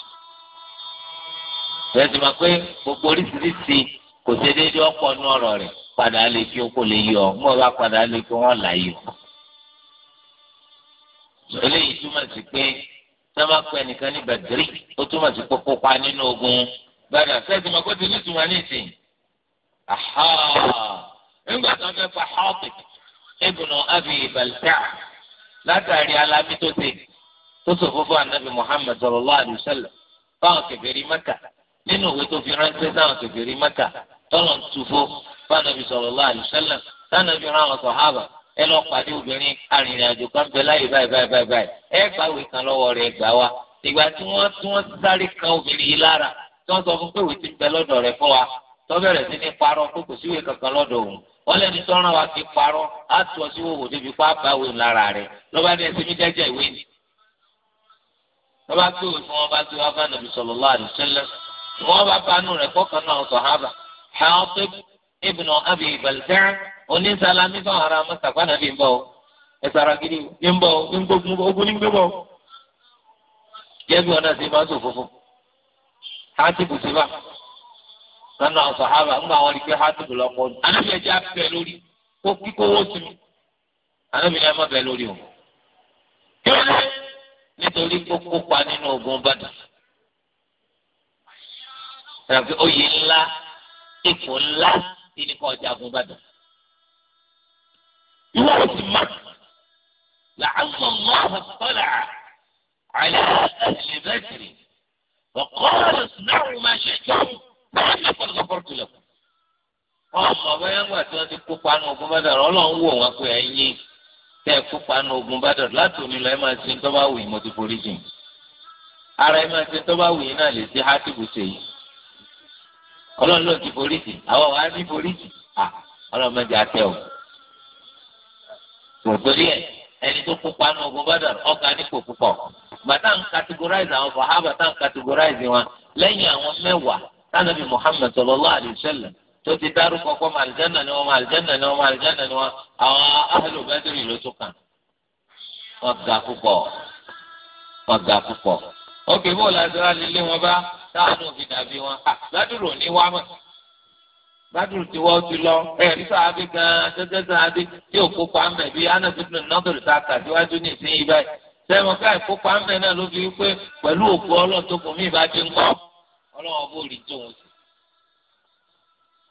bẹ́ẹ̀ ti máa pé gbogbo oríṣiríṣi kò ṣe déédé ọ̀pọ̀ nú ọ̀rọ̀ rẹ̀ padà lè kí ó kó lè yí ọ mọ̀ bá padà lè kí wọ́n là yí ọ. eléyìí túmọ̀ sí pé sábà pé ẹnìkan ní bẹ̀dẹ̀rì ó túmọ̀ sí pé kópa nínú ogun gbàdà fẹ́ẹ́ ti máa kó ti ní ìtumọ̀ ní ìsìn. nígbà tó ń fẹ́ pa Hatib ibnu Abi Balta'a látàrí alábí tó ṣe tó sọ fúnfún anabi Muhammad sallallahu alayhi wa sallam fáwọn kèfèrí Mẹ́kà nínú òwe tó fi ránṣẹ́ sáwọn kèfèrí Mẹ́kà tọ́lọ̀ ń tufó fáànàbí sallallahu alayhi lọ pàdé obìnrin arìnrìnàjò kan bẹ láyé báyìí báyìí báyìí ẹ kan gbà wá ìgbà tí tí sáré kan obìnrin yìí lára tí sọ fún pé ti bẹ fún wa ọlẹ́ni sọ́ràn wa fi parọ́ á tù ọ sí wòwò débi pa báwo lára rẹ̀ lọ́ba ní ẹsẹ̀ mi jẹ́jẹ́ ìwé ni. lọ́ba pé òun wọn bá nàbì wọn bá banú rẹ̀ kọ́kàn náà sàhábà àwọn pé ibnu abi balta'a onísàlámí fún ara mọ́tàkùn nàbì ń bọ̀ ọ́ gidi ń bọ̀ ọ́ ń gbógun ogun ọ́. sanu àwọn sọ̀hábà ń bá wọn rí pé hátùbù lọ́pọ̀ ní. ànábì ẹ̀jẹ̀ abẹ́ lórí kó kíkó owó sí mi ànábì ẹ̀ má lórí o. kí nítorí kó kópa nínú ogun bàdà. ẹ̀rọ̀pẹ̀ oyè ńlá ipò ńlá ìní ọjà ogun bàdà. ìwọ ò sì má làálùmọ̀ máa tọ́lá àlẹ́ ẹ̀sìn bẹ́ẹ̀ tì wọ́n kọ́ ọ́ lọ́sùn náà wọ́n máa ṣe báwọn náà kọ́ lọ́kọ́ kìlọ̀ ọmọ bẹ́ẹ̀ tí wọ́n ti kópa ní ogun bàdàn ọlọ́run wò wọ́n pé ẹ̀yin tẹ́ kópa ní ogun bàdàn láti òní lọ ẹ máa ṣe tó bá wù yín ara ẹ máa ṣe tó bá wù yín náà lè ṣe hátìbù ṣe yìí ọlọ́run ti àwọn wàá ní ọlọ́run mẹ́jọ àtẹ tánàbí Muhammad sallallahu alaihi wasallam tó ti dárúkọ kọ́ màlìjánà ni wọ́n màlìjánà ni wọ́n màlìjánà ni wọ́n àwọn ahlu Badri ló tún kàn wọ́n ga púpọ̀ wọ́n ga púpọ̀ ókè bó làdúrà lílé wọn bá táwọn òfin dàbí wọn gbàdúrò ní wá mọ̀ gbàdúrò tí wọ́n ti lọ ẹ̀rí sàábì gan-an tẹ́tẹ́ sàábì tí ò kópa ń bẹ̀ bí anábìtì nọ́tòrì ta kàdíwájú ní ìsinyìí báyìí sẹ́wọ̀n ká ìkópa ń bẹ̀ náà ló fi wípé pẹ̀lú òkú ọlọ́ọ̀tòkùnmí ìbá ti ń kọ́. ọlọ́wọ́ bó rí tó wọn sí.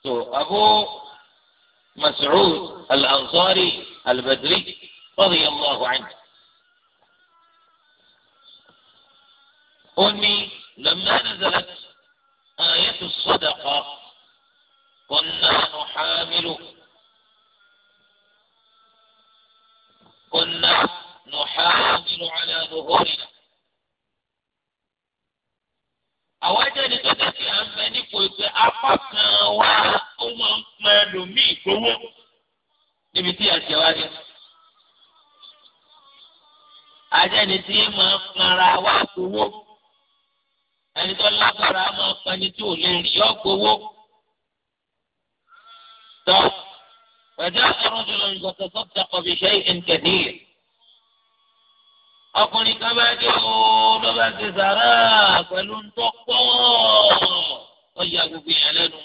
tó abó Mas'ud al-Ansari al-Badri radiyallahu anhu. ó ní lamma nazalat ayatu sadaqa kunna nuhamilu. كنا نحامل على ظهورنا àwọn ajẹ́ni tó tẹ̀sí à ń bẹ nípò ìpè apá kan wá ó máa ń pọn ẹlòmíì gbowó níbi tí àṣẹ wá dé. ajẹ́ni tí máa ń panra wá gbowó ẹni tó lágbára máa ń pani tí ò lè rí ọ́ gbowó. tọ́ pẹ̀lú àwọn ọ̀rọ̀ lọ ń gbọ́dọ̀ tó dàpọ̀ bí ọkùnrin kan bá dé o ló bá ti sàrà pẹ̀lú ntọ́pọ̀ ọ̀yà gbogbo yẹn lẹ́nu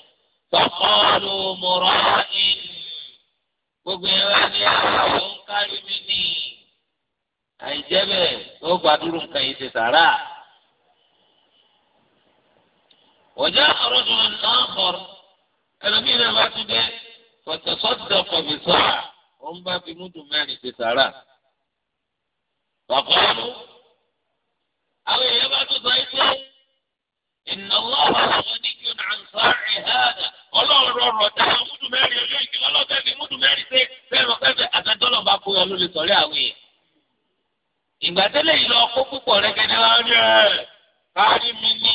tọ́kọ́lù mọ̀rọ́ ìn gbogbo yẹn wá ní àwọn ń kárí mi nì àìjẹ́ bẹ́ẹ̀ ó gbàdúrò nǹkan yìí ti sàrà. وجاء رجل آخر ẹlòmíì náà bá tún dé فتصدق بصاع òun bá fi múdù mẹ́rin ti sàrà. وقالوا أو يبات زيت إن الله لغني عن صاع هذا ọlọ́run rọrọ̀ dá múdù mẹ́rin ojú ìkìlọ̀ lọ́tẹ́ fi múdù mẹ́rin ṣe fẹ́ẹ́ mọ̀kẹ́fẹ́ àtẹ́tọ́lọ́ bá kó yọlú lè sọ̀rí àwọn èèyàn. ìgbà tẹ́lẹ̀ yìí lọ kó púpọ̀ rẹ gẹ́gẹ́ wá rí ẹ̀ kárí mi ní.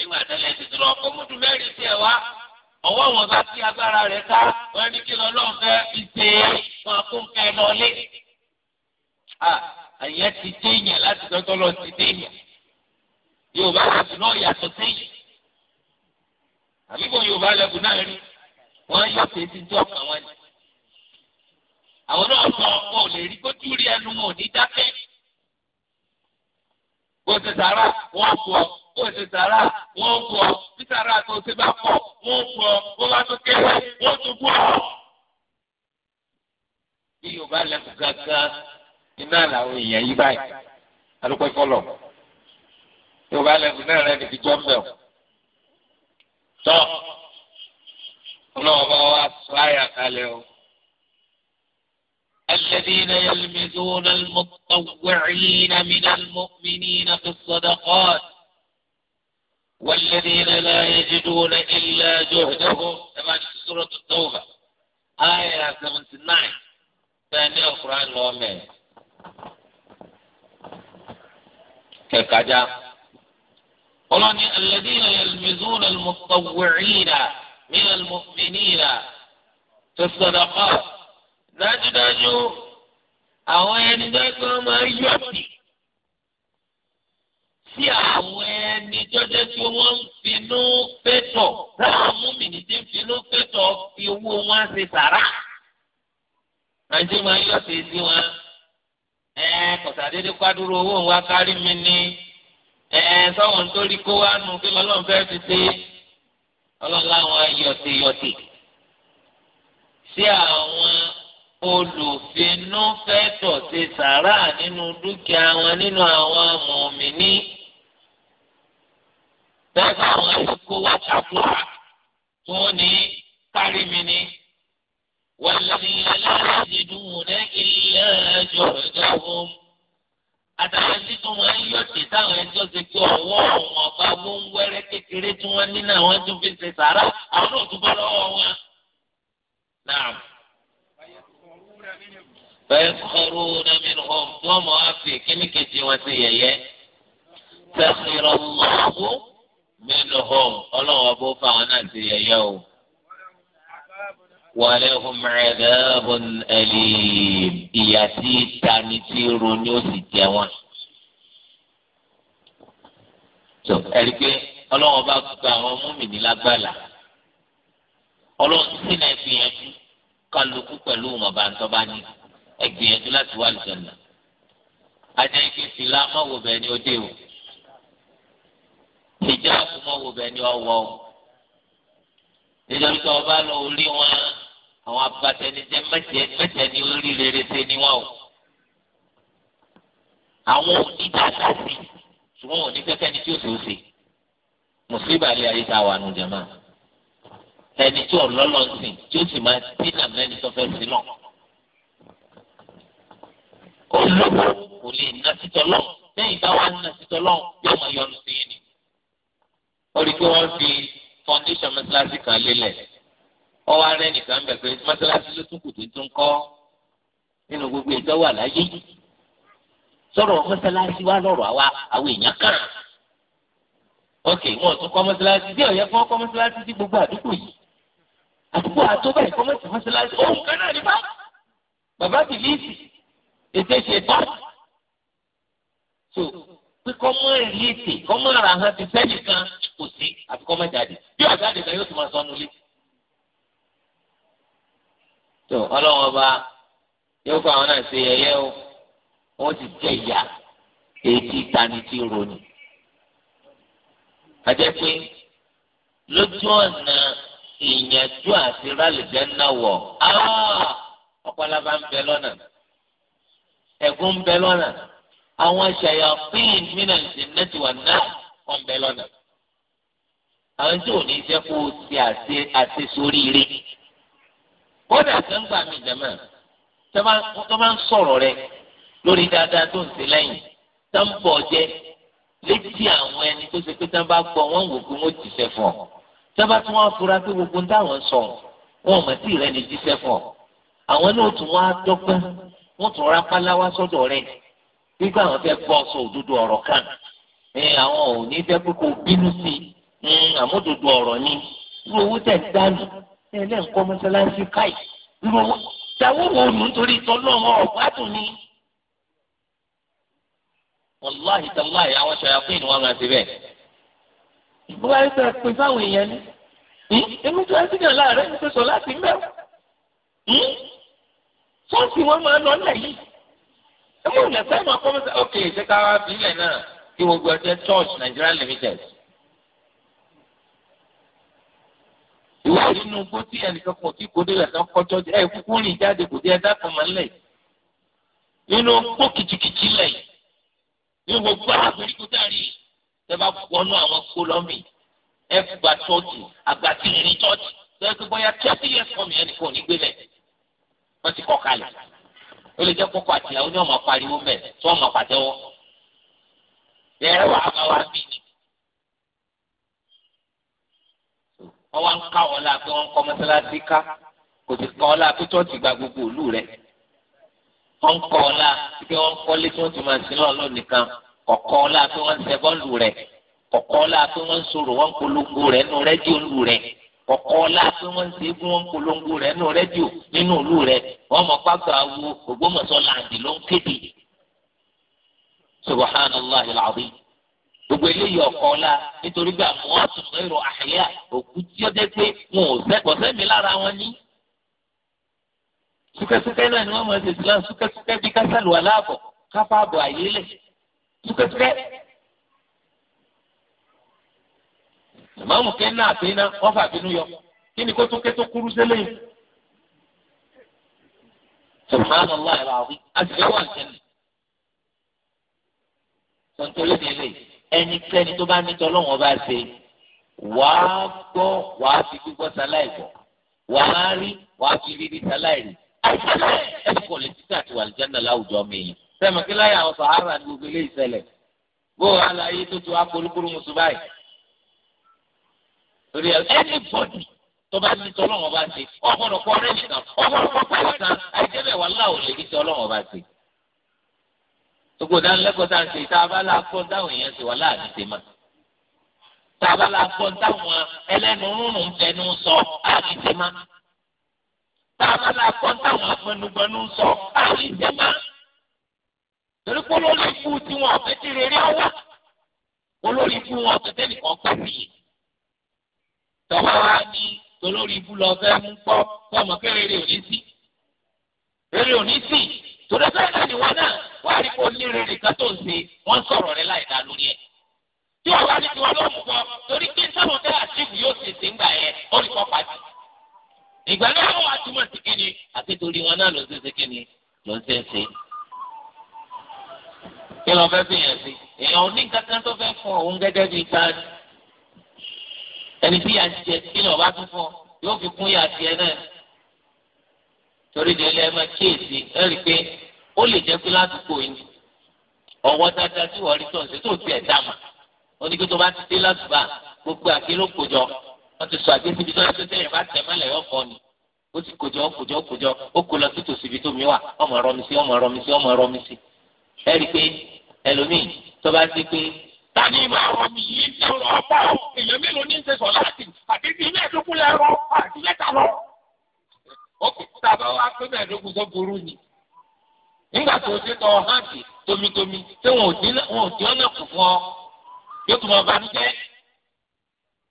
ìgbà tẹ́lẹ̀ ti tún lọ kó múdù mẹ́rin ṣe à àyàn ti déyàn láti tọ́jọ́ lọ ti déyàn yorùbá lẹ́bùn náà yàtọ̀ déyàn àbíkò yorùbá lẹ́bùn náà rí wọ́n yọ tètè tó ọkàn wọn ni àwọn náà sọ ọkọ ò lè rí kójú rí ẹnu wọn ò ní dákẹ́ kó o ti sàrà wọn kú ọ o ti sàrà wọn kú ọ bí sàrà tó o ti bá pọ wọn kú ọ bó bá tó kéré wọn tó kú bí yorùbá lẹ́kùn gángan iná làwọn èèyàn yí báyìí alùpùpù fọlọ tó bá lẹ́gùn náà rẹ̀ níbi jọ́mbẹ̀ o tọ́ ọlọ́wọ́ bá wa sọ àyà kalẹ̀ o. الذين يلمزون المتطوعين من المؤمنين في الصدقات والذين لا يجدون إلا جهدهم كما في سورة التوبة آية 79 ثانية القرآن لهم kẹkàjá ọlọ́ni alẹ́dínlẹ̀ yẹlmizúnà mùtọ̀wẹ̀rìnà mílẹ̀ mùmìnira tó sọ̀dọ̀kọ́ dájúdájú àwọn ẹni tó ẹgbẹ́ wọn máa yọ̀ sí sí àwọn ẹni tó jẹ́ tí wọ́n ń finú pẹ́tọ̀ táwọn múmìnì ti ń finú pẹ́tọ̀ fi owó wọn ṣe sàrà. àǹtí máa yọ̀ sí sí wọn ẹ kọ̀tà dédé kwádúró owó òun wá kárí mi ní ẹ sọ́wọ́n nítorí kó wá nu kí lọ́lọ́run fẹ́ fi ṣe ọlọ́run láwọn yọ̀tìyọ̀tì sí àwọn olùfinúfẹ́tọ̀ ṣe sàrà nínú dúkìá wọn nínú àwọn mọ̀mìnì bẹ́ẹ̀ bá àwọn àdúgbò wá ṣàkóso wọn ní kárí mi ní wọ́n ní. يجدون إلا جهدهم àtàlẹ́sìtún wọn yọ̀tì táwọn ẹjọ́ ṣe pé ọwọ́ wọn ọba wọn wẹ́rẹ́ kékeré tí wọ́n ní náà wọ́n tún fi ṣe sàrà àwọn náà tún bọ́ lọ́wọ́ wọn. bẹ́ẹ̀ kọ́rú nàmínú hàn tí wọ́n mọ̀ á fi kíní kejì wọn sí yẹ̀yẹ́. sẹ́kìrọ̀ mọ̀ ọ́ mẹ́nu hàn ọlọ́wọ́ bó fáwọn náà sí yẹ̀yẹ́ o wàlẹ́hùn mẹ́rẹ̀ẹ́dẹ́gbọ̀n ẹ̀lì ìyà tí tani tí ronú ó sì jẹ wọn. tó ẹ̀rí pé ọlọ́wọ́n bá gba àwọn múmìnì lágbàlá ọlọ́wọ́n sì náà gbìyànjú kálukú pẹ̀lú wọn bá ń tọ́ bá ní ẹ gbìyànjú láti wá àlùjànnà. ajá ike fìlà mọ́wò bẹ́ẹ̀ ni ó dé o ìjà àkùmọ̀wò bẹ́ẹ̀ ni ó wọ̀ o nítorí tó o bá lọ orí wọn àwọn abatẹnijẹ mẹtẹni oríire ṣe ni wọn o àwọn òní dáadáa sí ṣùgbọ́n òní kẹ́kẹ́ni tí ó sì ó ṣe mùsùlùmí àlẹ́ ayé tá a wà nù jẹ̀mọ́ ẹni tí ọ̀lọ́lọ́ ń sìn tí ó sì máa dínà mẹ́ni tó fẹ́ sí náà olówó kò lè ná títọ́ lọ́wọ́ lẹ́yìn bá wà ná títọ́ lọ́wọ́ yóò máa yọnu sí yín ni. ó rí i pé wọ́n fi foundation mẹ́tíláṣí kan lélẹ̀ ọwọ arẹ nìkan bẹ pé mọ́sálásí ló tún kù tó tún kọ́ nínú gbogbo ìtọ́ wà láyé sọ̀rọ̀ mọ́sálásí wa lọ́rọ̀ àwa àwọn èèyàn kàn ok wọn tún kọ́ mọ́sálásí bí ọ̀yẹ́ fún ọkọ́ mọ́sálásí sí gbogbo àdúgbò yìí àdúgbò àtọ́bà ìkọ́mọ́sí mọ́sálásí òun kan náà ní bá bàbá bìlíìsì ètè ṣe bá so pé kọ́ mọ́ èrí ètè kọ́ mọ́ ara hàn ti sẹ́yìn kan kò sí àti kọ́ mọ́ jáde bí ọ̀jáde kan yóò tún máa sọ nulẹ̀ tó ọlọ́wọ́n bá yóò fún àwọn náà ṣe yẹ̀yẹ́ o wọ́n ti jẹ ìyá èyí tani ti roni. àjẹ́ pé lójú ọ̀nà ìyànjú àti rálẹ̀jẹ́ náà wọ̀ ah! ọ̀pọ̀lọpọ̀ ń bẹ lọ́nà ẹ̀gún ń bẹ lọ́nà àwọn aṣàyà pín mìíràn ṣe nẹ́tìwà náà wọ́n ń bẹ lọ́nà. àwọn tí ò ní jẹ́ kó o ti àti àti sórí rí ni kódà gbangba mi jama tó bá ń sọ̀rọ̀ rẹ lórí dáadáa tó ń ṣe lẹ́yìn tó ń bọ̀ jẹ́ létí àwọn ẹni tó ṣe pé tó bá gbọ́ wọ́n wò pé wọ́n jíṣẹ́ fún ọ tó bá tún wọ́n fura pé gbogbo táwọn sọ wọn mọ̀ sí rẹ ní jíṣẹ́ fún ọ àwọn náà tún wọ́n á dọ́gbọ́n wọ́n tún rápálá wá sọ́dọ̀ rẹ nígbà àwọn fẹ́ gbọ́ sọ òdodo ọ̀rọ̀ kan àwọn ò ní fẹ́ pé kó bínú sí i ọ̀rọ̀ ni ẹlẹ́ ń kọ́ mọ́sálásí káì ló dáwọ́ wo nù nítorí tọ́lọ́mọ ọ̀gbádùn ni. wàláhì tàláhì àwọn ṣọ̀yà pé ìnú wa máa ti bẹ̀. ìbúra yìí sọ̀rọ̀ pé fáwọn èèyàn ni èmi tó ẹsìn náà láàárẹ̀ mi tó sọ láti mẹ́wọ̀. sọ́ọ̀sì wọn máa lọ nílẹ̀ yìí. ẹ mọ̀ ní ẹ̀sẹ̀ máa kọ́ mọ́sálásí. ok ṣé ká wá bílẹ̀ náà kí gbogbo ẹgbẹ́ church ìwà nínú igbó tí ẹnìkan kò tí kò délẹ̀ tán kọjọ́ ẹ kúkú rìn jáde kò dé ẹ̀dá kan máa ń lẹ̀ nínú igbó kìtìkìtì lẹ̀ nínú gbogbo àwọn àgbẹ̀ríkò dárì tẹ́bá wọnú àwọn kólọ́mì ẹ gba tọ́ọ̀tì àgbà tí ìrìn tọ́ọ̀tì lọ́wọ́ pé bóyá twenty years fún mi ẹnìkan ò ní gbélẹ̀ wọ́n ti kọ̀ kalẹ̀ ó lè jẹ́ kókó àtìyàwó ní ọmọ pariwo mẹ́ tí wọ́n mọ̀ pàtẹ́wọ́ ẹ wà á bá wa bí ni wọ́n wá ń ká wọn la pé wọ́n ń ká kò sì kọ́ ọ́ la pé gba gbogbo òlú rẹ̀ wọ́n ń kọ́ ọ la pé wọ́n ń kọ́lé tí wọ́n ti máa sin lọ́ọ̀lọ́ nìkan kọ̀kọ́ ọ la pé ń ṣe bọ́ọ̀lù rẹ̀ kọ̀kọ́ ọ la pé ń sọ̀rọ̀ wọ́n ń polongo rẹ̀ nù rẹ́díò lù rẹ̀ kọ̀kọ́ ọ la pé wọ́n ń ṣe égún wọ́n ń polongo rẹ̀ nù rẹ́díò nínú ìlú rẹ̀ wọ́n mọ̀ pàtó àwo Ògbómọ̀ṣọ́ làǹdì ló ń kéde subhanallah alazim gbogbo eléyìí ọkọ ọlá nítorí pé àwọn àtúntò èrò àyà òkú tí ó jẹ́ pé wọn ò sẹkọ sẹmi lára wọn ní. súkẹsúkẹ náà ni wọn máa ṣe ìsìlámù súkẹsúkẹ bí kásálù aláàbọ káfáàbọ àyélẹ súkẹsúkẹ. ìmáàmù kẹ́ńdà àbínà wọ́n fà bínú yọ kí ni kó tó ké tó kúrú sílẹ̀ yìí. subhanallah alazim àti ìwà ìjẹun. sọ̀tún ló dé lẹ́yìn ẹnikẹ́ni tó bá ní tọ́lọ́run ọba ṣe wàá gbọ́ wàá fi gbígbọ́ sáláì gbọ́ wàá rí wàá fi rírí sáláì rí àìsàlẹ̀ ẹni kò lè títà àti wàlìjánà láwùjọ mi yìí sẹ́mi kí láyà àwọn sàárà ní gbogbo ilé ìṣẹ̀lẹ̀ bó alayé tó tu akólúkúrú musu báyìí torí ẹnibọ́dì tó bá ní tọ́lọ́run ọba ṣe ọgbọ́dọ̀ kọ́ ọ̀rẹ́ nìkan ọgbọ́dọ̀ kọ́ pẹ́ẹ́lí kan àìjẹ́bẹ̀ wàhálà ò lè rí tọ́lọ́run ọba ṣe gbogbo ìdánilẹ́kọ̀ọ́ tá à ń ṣe tá a bá láàkọ́ dáhùn èèyàn ṣe wà láàbí ṣe mà tá a bá láàkọ́ dáhùn ẹlẹ́nu rúnrún fẹnu sọ àbí ṣe mà tá a bá láàkọ́ dáhùn afẹnugbẹnu sọ àbí ṣe mà torí pé olórí ikú tiwọn ọ̀fẹ́ ti rere ọwọ́ olórí ikú wọn ọ̀fẹ́ tẹ́nìkan gbà sí i tọ́wọ́ wa ní tolórí ikú lọ fẹ́ mú pọ́ tọmọ kéré rè ò ní sí rè ò sí torí ẹgbẹ́ ni nìwọ náà wọ́n á rí kó ní rere kan tó ń ṣe wọ́n sọ̀rọ̀ rẹ láì dá lórí ẹ̀. tí wọ́n bá ní tiwọn ló mú bọ́ torí pé sáwọn tẹ́ àṣìkù yóò ṣe ṣe ń gbà yẹn ó rí kọ́ pàdé. ìgbà náà wọ́n á túmọ̀ sí kíni àti torí wọn náà ló ṣe ṣe kíni ló ṣe ń ṣe. kí ló fẹ́ fi hàn sí èèyàn ò ní kankan tó fẹ́ fún òun gẹ́gẹ́ bíi tani. ẹni tí yà kí ló bá tún fún yóò fi kún yà tiẹ̀ náà torí de ilé ẹgbẹ́ kíyèsí ẹ rí i pé ó lè jẹ́ pé ládùúgbò yìí ọwọ́ dáadáa tí wọ́n rí tó ń ṣe tó ń tiẹ̀ dá mà ó ní kí tó bá ti dé ládùúgbà gbogbo àkérò kòjọ wọ́n ti sọ àgbẹ̀ síbi tó ń ṣe tẹ̀yìn bá tẹ̀ mọ́lẹ̀ ọkọ ni ó ti kòjọ kòjọ kòjọ ó kó lọ títò síbi tó mi wà ọmọ rọmi sí ọmọ rọmi sí ọmọ rọmi sí ẹ rí i pé ẹlòmíì tó bá ti pé tani máa rọ mi yìí lọ́rọ̀ ọ̀pá èèyàn mélòó ní ń ṣe sọ̀ láti àti ilé ìdókòlẹ̀ rọ àti mẹ́ta lọ ó kù tàbá wá pé mẹ́ẹ̀ẹ́dógún tó burú ni nígbà tó o ti tọ hàn sí tomitomi tí wọn ò dín ọ̀nà kù fún ọ yóò tún máa bá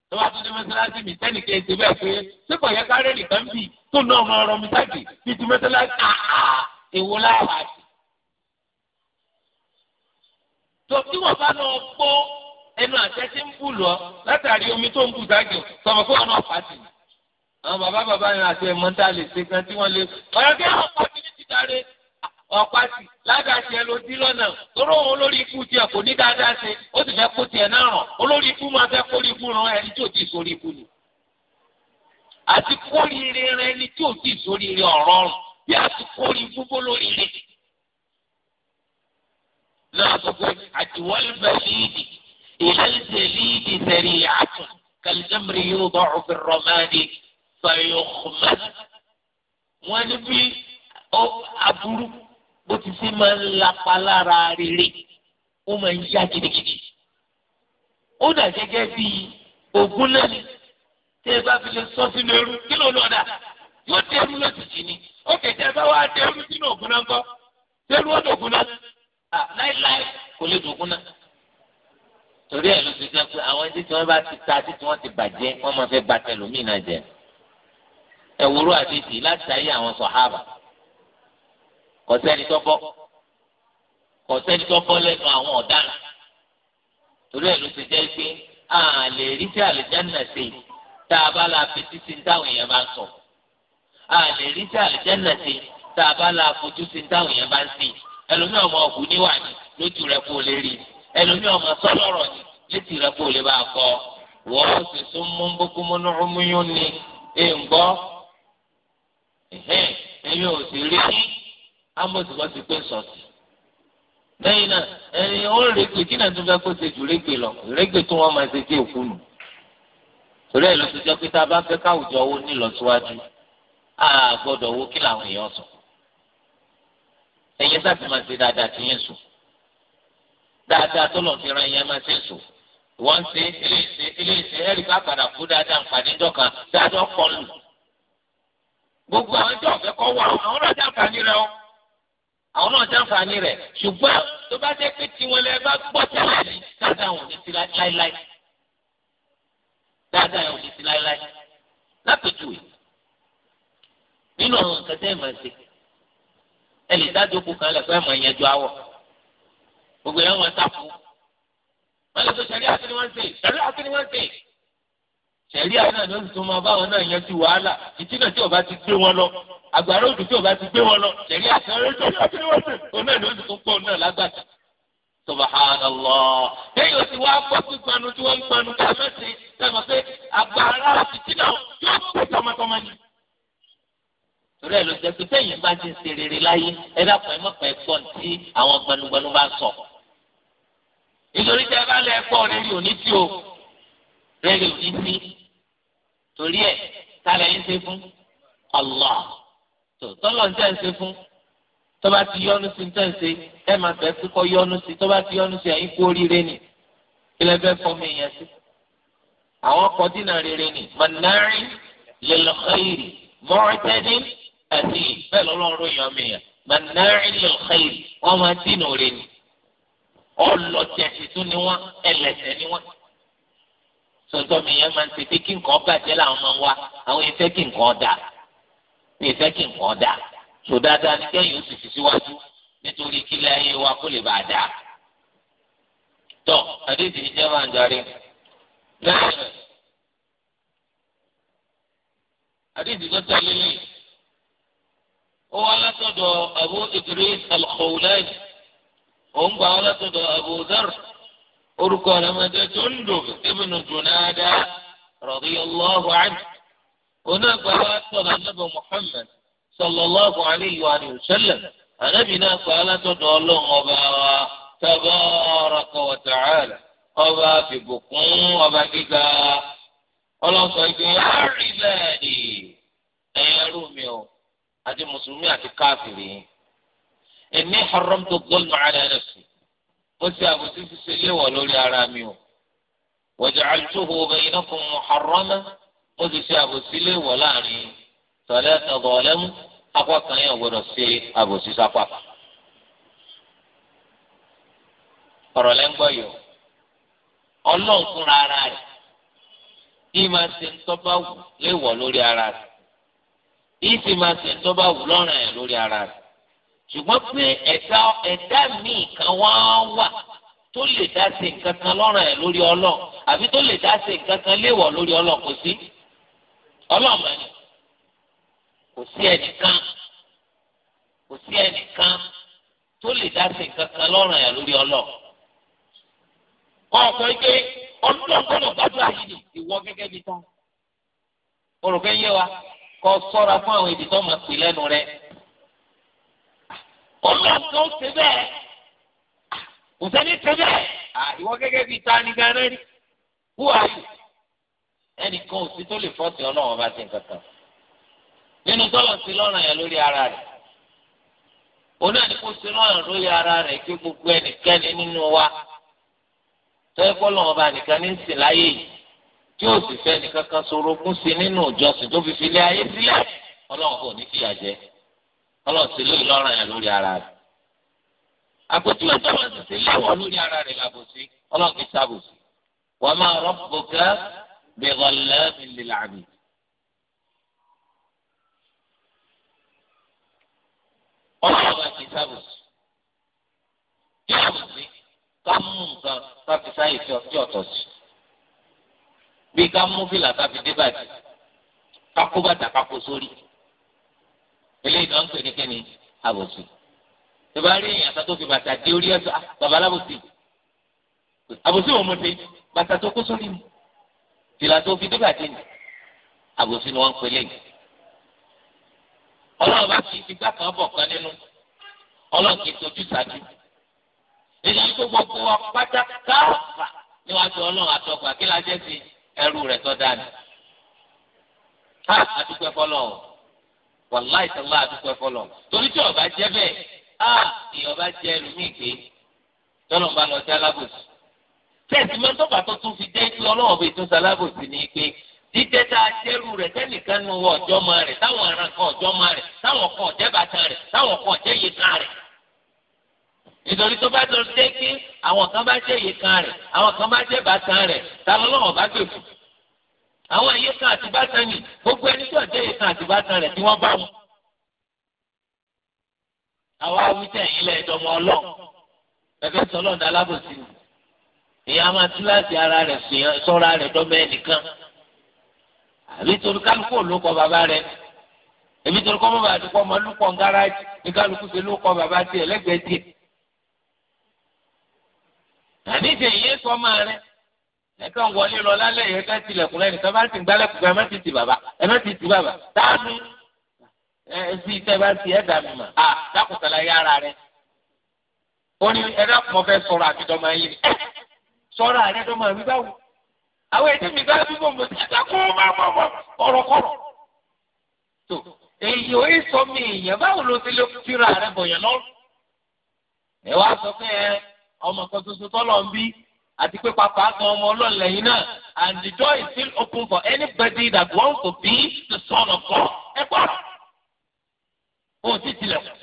tó bá tún dé mẹ́sálásí mi sẹ́ni kí n ṣe bẹ́ẹ̀ pé ṣé kò yẹ káre nìkan bì tó náà máa rọ mi sáàkì bí ti mẹ́sálásí àhà èwo láwàá sí. tó tí wọn bá lọ gbọ́ ẹnu àtẹ́sí ń bù lọ látàrí omi tó ń bù dájọ sọ̀rọ̀ fún ọ̀nà ọ̀pá sí i àwọn bàbá bàbá yẹn àti ẹ̀mọ́ tá a lè ṣe kan tí wọ́n lè ọ̀rọ̀ kí wọ́n pa kí ní ti dáre ọ̀pá sí ládàásí ẹ ló dí lọ́nà tóró òun olórí ikú tiẹ̀ kò ní dáadáa ṣe ó sì fẹ́ kó tiẹ̀ náà ràn olórí ikú máa fẹ́ kórìí ikú ràn ẹni tí ò ti sórí ikú ni àti kórìíre rẹ ẹni tí ò ti sórí rẹ ọ̀rọ̀ rùn bí àti kórìí gbogbo lórí rẹ náà sọ pé àdìwọ́lì líìdì sẹ̀rí fàyọkùmá wọn ní bí aburú bó ti ṣe máa ń lapa lára rere ó máa ń yá gidigidi ó dà gẹ́gẹ́ bí ògùn náà ni tẹ́ ẹ bá fi lè sọ sínú eru kí ló lọ́ọ́ dà yóò dẹrú lójijì ni ó kẹ̀kẹ́ bá wá dẹrú sínú ògùn náà ńkọ́ dẹrú ó dògùn náà láíláí kò lè dògùn náà torí ẹ̀ ló ti jẹ́ pé àwọn ẹni tí wọ́n bá ti ta títí wọ́n ti bàjẹ́ wọ́n máa fẹ́ gba tẹlómìnà jẹ́ ẹ̀wúrú àdìsí láti ayé àwọn sọ̀hábà kò sẹ́ni tó bọ́ kò sẹ́ni tó bọ́ lẹ́nu àwọn ọ̀daràn torí ẹ̀ ló ti jẹ́ pé a lè rí sí àlùjánnà ṣe tá a bá la fi títí táwọn èèyàn bá ń sọ a lè rí sí àlùjánnà ṣe tá a bá la fojú sí táwọn èèyàn bá ń sè ẹlòmíì ọmọ ọ̀kú níwà ni lójú rẹ̀ kó lè rí ẹlòmíì ọmọ sọlọ́rọ̀ ni létí rẹ̀ kó lè bá a kọ́ wọ́n sì tún mú bókú múnú ọmú yún ni èèǹgbọ́ ẹ̀yin ò sì rí sí amọ̀sibọ́sí pé sọ̀tì lẹ́yìn náà ẹ̀yin ó règbè kí náà tún fẹ́ kó ṣe jù règbè lọ règbè tó wọ́n máa ṣe tí òkú nù torí ẹ̀ ló ti jẹ́ pé tá a bá fẹ́ káwùjọ owó nílọsíwájú a gbọ́dọ̀ owó kí làwọn èèyàn sọ ẹ̀yin sáà ti máa ṣe dáadáa tí yín sùn dáadáa tó lọ́n fi ran yẹn máa ṣe sùn wọ́n ṣe ilé ìṣe ilé ìṣe ẹ̀rí bá padà kú dáadáa nǹkan níjọ́ kan dáadáa pọ̀ gbogbo àwọn tí ọ̀fẹ́ kọ́ wà àwọn náà jàǹfààní rẹ o àwọn náà jàǹfààní rẹ ṣùgbọ́n tó bá jẹ́ pé tiwọn lẹ bá gbọ́ tẹ́lẹ̀ ní dáadáa wọn ní ti láíláí dáadáa wọn ní ti láíláí lápèjúwe nínú àwọn nǹkan tẹ́ ẹ̀ máa ṣe ẹ lè dájú kú kan lẹ́kọ́ ẹ̀ máa yẹn ju gbogbo ẹ̀ wọ́n ta fún lè tó sẹ́rí àti ni wọ́n ń ṣe sẹ́rí àti ni wọ́n ń ṣe tẹ̀lé àwọn náà ló ń tún máa báwọn náà yanjú wàhálà ìtìnà tí ọba ti gbé wọn lọ àgbàrá òdù tí ọba ti gbé wọn lọ tẹ̀lé àtẹ̀rẹ́ tó ń gbé wọn lọ òun náà ló ń tún pọ̀ náà lágbàtà. Subhanallah lẹ́yìn òsì wa gbọ́ pípanu tí wọ́n ń panu ká mẹ́sìn sẹ́mi pé àgbàrá ìtìnà yóò pè tọmọtọmọ ni. torí ẹ ló jẹ pé tẹ̀yìn bá ti ń ṣe rere láyé ẹ dákun ẹ o rẹ̀ torí ẹ̀ tálẹ̀ ń ṣe fún Allah tó tọ́lọ̀ ń tẹ̀ ń ṣe fún tọ́ba ti yọ́nu sí tẹ̀ ń ṣe ẹ̀ máa fẹ́ kíkọ́ yọ́nu sí tọ́ba ti yọ́nu sí ẹ̀yìn kú oríire nì kílẹ̀ fẹ́ fọmọ èèyàn sí. àwọn kan dínà rere nì mọ̀nárì lil khairi àti bẹ́ẹ̀ lọ́lọ́run yàn mí mọ̀nárì lil wọ́n máa dínà rere nì ọlọ́tẹ̀sì tún ni wọ́n ẹlẹ́sẹ̀ ni wọ́n sọtọ́ mi yẹn máa ń tètè kí nǹkan bàjẹ́ làwọn máa ń wá àwọn ìfẹ́ kí nǹkan dà ìfẹ́ kí nǹkan dà sọ dáadáa ní kẹ́yìn ó sì fi síwájú nítorí kí láyé wa kó lè bàa dà. tọ́ àdéhùn ìjẹ́ máa ń darí lẹ́yìn àdéhùn tó tẹ̀lé yìí ó wá látọ̀dọ̀ Abu Idris al-Khawlani ó ń gbà wá látọ̀dọ̀ Abu Dharr orúkọ rẹ̀ máa jẹ́ Jundub ibn Junada radiyallahu anhu oní àgbàlá tọ̀dọ̀ anábì Muhammad sallallahu alayhi wa sallam anábì náà àgbàlá tọ̀dọ̀ ọlọ́run ọba wa tabaraka wa ta'ala ọba fìbùkún ọba gíga ọlọ́sọ ìgbé àárín bẹ́ẹ̀ ni ẹ̀yin ẹrú mi o àti mùsùlùmí àti káfìrí ẹ̀mí haramtu dhulma ala nafsi ó ṣe àbòsí ṣíṣe léwọ̀ lórí ara mi o waja'altuhu baynakum muharrama ó ti ṣe àbòsí léwọ̀ láàrin tọ́lẹ́ tọ́gbọ̀ ọ̀lẹ́mú apá kan yẹn gbọ́dọ̀ ṣe àbòsí sápá. ọ̀rọ̀ lẹ́ńgbọ́ yìí o ọlọ́run fúnra ara rẹ̀ yìí máa ṣe ńtọ́ba wù léwọ̀ lórí ara rẹ̀ yìí sì máa ṣe ńtọ́ba wù lọ́rùn ẹ̀ lórí ara rẹ̀ ṣùgbọ́n pé ẹ̀dá ẹ̀dá míì kan wá wà tó lè dá sí nǹkan kan lọ́rùn ẹ̀ lórí ọlọ́ọ̀ àbí tó lè dá sí nǹkan kan léèwọ̀ lórí ọlọ́ọ̀ kò sí ọlọ́ọ̀mọ ni kò sí ẹnìkan kò sí ẹnìkan tó lè dá sí nǹkan kan lọ́rùn ẹ̀ lórí ọlọ́ọ̀ kọ́ ọ̀pọ̀ ike ọlọ́ọ̀gbọ́dọ̀ gbàdúrà yìí ìwọ gẹ́gẹ́ bí tán olùkẹ́ yé wa kọ́ sọ́ra fún àwọn ibi tó máa pè olóòtú ó ṣe bẹ́ẹ̀ kò sẹ́ni ṣe bẹ́ẹ̀ ìwọ gẹ́gẹ́ bíi ta ni gan-an rí who are you ẹnìkan ò sí tó lè fọ́ọ̀tì ọlọ́run bá ti nǹkan kan nínú tọ́lọ̀ sí lọ́rùn yẹn lórí ara rẹ̀ oní àdínkù sí lọ́rùn lórí ara rẹ̀ kí gbogbo ẹnikẹ́ni nínú wa tọ́yẹ́ fọ́lọ́run ọba nìkan ní sìn láyé yìí tí ó sì fẹ́ nìkan kan sorogún sí nínú ìjọsìn tó fi filé ayé sílẹ̀ ọlọ́run kò ní fìyà jẹ ọlọ́run sì lóyún lọ́rùn yẹn lórí ara rẹ̀ àpótí ọjọ́ wọn sì sí léwọ̀ lórí ara rẹ̀ làbòsí ọlọ́run fi sábòsí wa ma rabbuka bi dhallamin lil abid. ọlọ́run fi sábòsí yóò sí ká mú nǹkan ká fi sáyè ọ̀tọ̀ sí bí ká mú fìlà ká fi dé bàtà ká sórí eléyìí náà ń pè ní kíni àbòsí tó bá rí èèyàn tó fi bàtà dé orí ẹsẹ̀ ah, bàbá alábòsí àbòsí wọn mọdé bàtà tó kó sórí mi tìlà tó fi débà dé ni àbòsí ni wọn ń pè léyìí ọlọ́run bá kì í ti gbá kan bọ̀ kan nínú ọlọ́run kì í tojú sáájú èyí tó gbogbo wa pátá níwájú ọlọ́run àtọgbà kí la ẹrú rẹ̀ tó dáa ni. a àdúgbò ẹ̀fọ́ lọ́wọ́ wàláì sọlá àdúgbò ẹfọlọ torí tí ọba jẹ bẹ́ẹ̀ á ìyọba jẹ ẹlòmíì gbé tọlọ ń bá lọ jẹ alábòsí tẹsí máa ń tọ́ka tó tún fi jẹ́ pé ọlọ́wọ́ bíi tún salábòsí ni pé jíjẹ́ tá a jẹ́rù rẹ̀ tẹ́nìkan nu ọjọ́ máa rẹ̀ táwọn aràn kan ọjọ́ máa rẹ̀ táwọn kan ọ̀jẹ́ bàtà rẹ̀ táwọn kan ọ̀jẹ́ yìí kan rẹ̀ nítorí tó bá tó jẹ́ pé àwọn kan bá jẹ́ yìí kan rẹ̀ àwọn kan bá jẹ́ bàtà rẹ̀ tá lọ́wọ́ bá gbè fún un àwọn ẹyẹ kan àti bàtà ni gbogbo ẹni tó àjẹyẹ kan àti bàtà rẹ̀ tí wọ́n bá wọn. àwa wíjà ẹ̀yìn lẹ́ẹ̀dọ́mọ ọlọ́ọ̀ ẹgbẹ́ sọlọ́ọ̀dà alábòsí ni ìyá máa tú láti ara rẹ̀ sọ́ra rẹ̀ dọ́mọ ẹnìkan àbí torí kálukú olókọ bàbá rẹ̀ èmi torí kọ́ bàbá àdúgbò ọmọ lúpọ̀ ńgárájì ní kálukú ṣe lókọ bàbá tiẹ̀ lẹ́gbẹ̀ẹ́ tiẹ̀ àníjẹ̀ ìyẹn ẹ̀ka wọlé lọ lálẹ́ yẹn ká tilẹ̀kùn lẹ́nu tó bá ti gbálẹ̀kùn ká ẹ má ti ti bàbá ẹ má ti ti bàbá táàmì ẹ sí tẹ́ bá ti ẹ̀dá mi mà á dákùtàlá yára rẹ̀ ó ní ẹ̀dá kan fẹ́ sọ̀rọ̀ àbídọ́ máa yé ni sọ̀rọ̀ àrẹ tó máa wí báwo àwọn ètò mi bá bí bòmò sí àtàkùn máa mọ̀ mọ̀ ọ̀rọ̀kọ̀rọ̀ tó èyí ò yí sọ mi èèyàn báwo ló ti lè fira rẹ̀ bọ̀yàn lọ́rùn ẹ wá sọ pé ọmọ kan tuntun tọ́lọ̀ àti pé pàápàá gan ọmọ ọlọ́ọ̀lẹ̀ yìí náà and the door is still open for anybody that wants to be the son of God. ẹ gbọ́ o ti tilẹ̀kùn.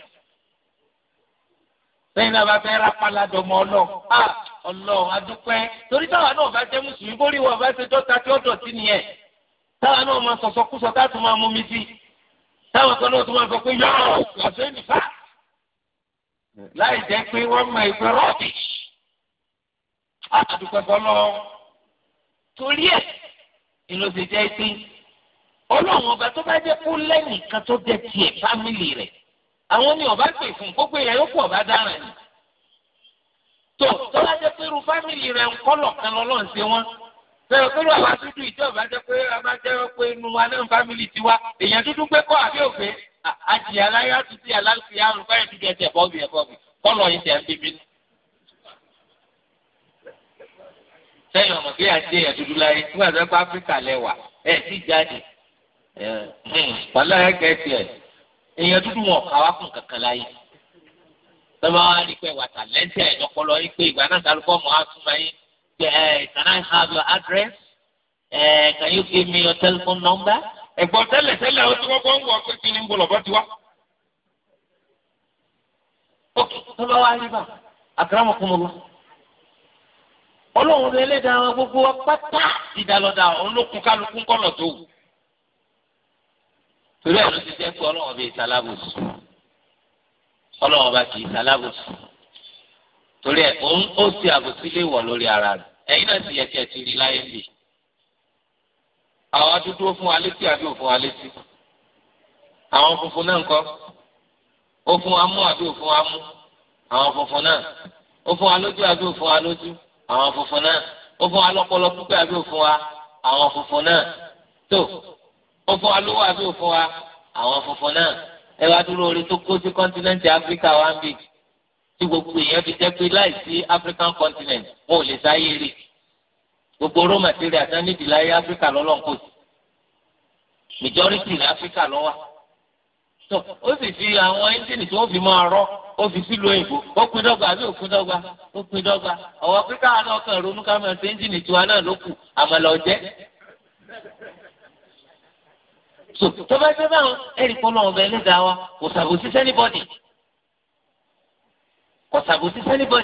sẹ́yìn náà bá fẹ́ rápálá dọmọ ọlọ́ọ̀ ah ọlọ́ọ̀ adúpẹ́ torí táwa náà bá jẹ́ mùsùlùmí bórí wọn bá ṣe dọ́ta tí ó dọ̀tí nìyẹn táwa náà máa sọ̀sọ́ kú sọ ká tún máa mú mi sí táwọn kan náà tún máa sọ pé yọ̀ọ́ ọ̀ṣẹ́ nìfà láì jẹ́ pé wọ́n mọ ìgbẹ́ rọ́ọ̀bì àdúpẹ́ bọ́lọ́ torí ẹ̀ ìlú ti jẹ́ pé ọlọ́run ọba tó bá jẹ́ kó lẹ́nìkan tó jẹ́ tiẹ̀ fámìlì rẹ̀ àwọn ni ọba pè fún gbogbo ìyá yókù ọba dára ni tó tó bá jẹ́ pé irú fámìlì rẹ̀ ń kọ́ lọ̀kan lọ́lọ́run ṣe wọ́n bẹ́ẹ̀ pẹ̀lú àwa dúdú ìjọba jẹ́ pé a máa jẹ́ pé inú wa náà fámìlì tiwa èèyàn dúdú pé kọ́ àbí òfin àjìyà láyé àtúntì aláṣẹ àrùn báyìí dúdú ẹ̀jẹ̀ bọ́ọ̀bì ẹ̀ bọ́ọ̀bì kọ́ lọ́ọ̀yìn tẹ̀ ń bíbí nù. sẹ́yìn ọmọ bí àti èèyàn dúdú láyé nígbà tó kọ́ áfíríkà lẹ́wà ẹ̀ sì jáde hmm, pàlọ́yà kẹ́sì ẹ̀ èèyàn dúdú wọn kà wá kún kankan láyé tọ́ba wa ní pé wà tàlẹ́ntì ẹ̀ lọ́pọ̀lọ́ yín pé ìgbà náà dárúkọ mọ́ àtúmọ̀ yín pé ẹ̀ can I have your address ẹ̀ can you give me your telephone number ẹ̀gbọ́n tẹ́lẹ̀ tẹ́lẹ̀ o tí wọ́n bọ́ ń wọ pé kí ni ń bọ̀ lọ́bọ̀ tiwa. ok tọ́ba wa rí bá àkàrà mọ̀kúnmọ́ lọ ọlọ́run bẹ lẹ́dàá wọn gbogbo wa pátá ìdálọ́dà olókun kálukú kọ́nà tó wù. torí ẹ̀ ló ti jẹ́ pé ọlọ́run bẹ ìsalábòsù ọlọ́run bá kì í ìsalábòsù torí ẹ̀ òun ó ti àbòsí lé wọ̀ lórí ara rẹ̀ ẹ̀yin náà ti yẹ kí ẹ ti rí láyé bì. àwọn dúdú fún wa létí àbí òfún wa létí àwọn funfun náà ń kọ́ ó fún wa mú àbí òfún wa mú àwọn funfun náà ó fún wa lójú àbí òfún wa lójú àwọn funfun náà ó fún wa lọ́pọlọ pípẹ́ àbí òfun wa àwọn funfun náà tó ó fún wa lówó àbí òfun wa àwọn funfun náà ẹ wá dúró orí tó kó sí kọ́ńtínẹ́ǹtì áfíríkà wa ń bì tí gbogbo èèyàn fi jẹ́ pé láìsí african continent wọn ò lè sáyé rí gbogbo raw material tán nídìí láyé áfíríkà lọ́lọ́ majority ní áfíríkà lọ́wọ́ tó ó sì fi àwọn ẹ́ńjìnì tó fi máa rọ́ ó fi sílùú òyìnbó ó pin dọ́gba àbí òpin dọ́gba ó pin dọ́gba ọ̀wọ́ pé náà kàn ronú ká máa ṣe ẹ́ńjìnì tiwa náà ló kù àmọ́ lọ jẹ́. so tó bá ṣe báwọn ẹ̀rí kọ́ lọ́wọ́ bẹ́ẹ̀ wa kò ṣàbòsí kò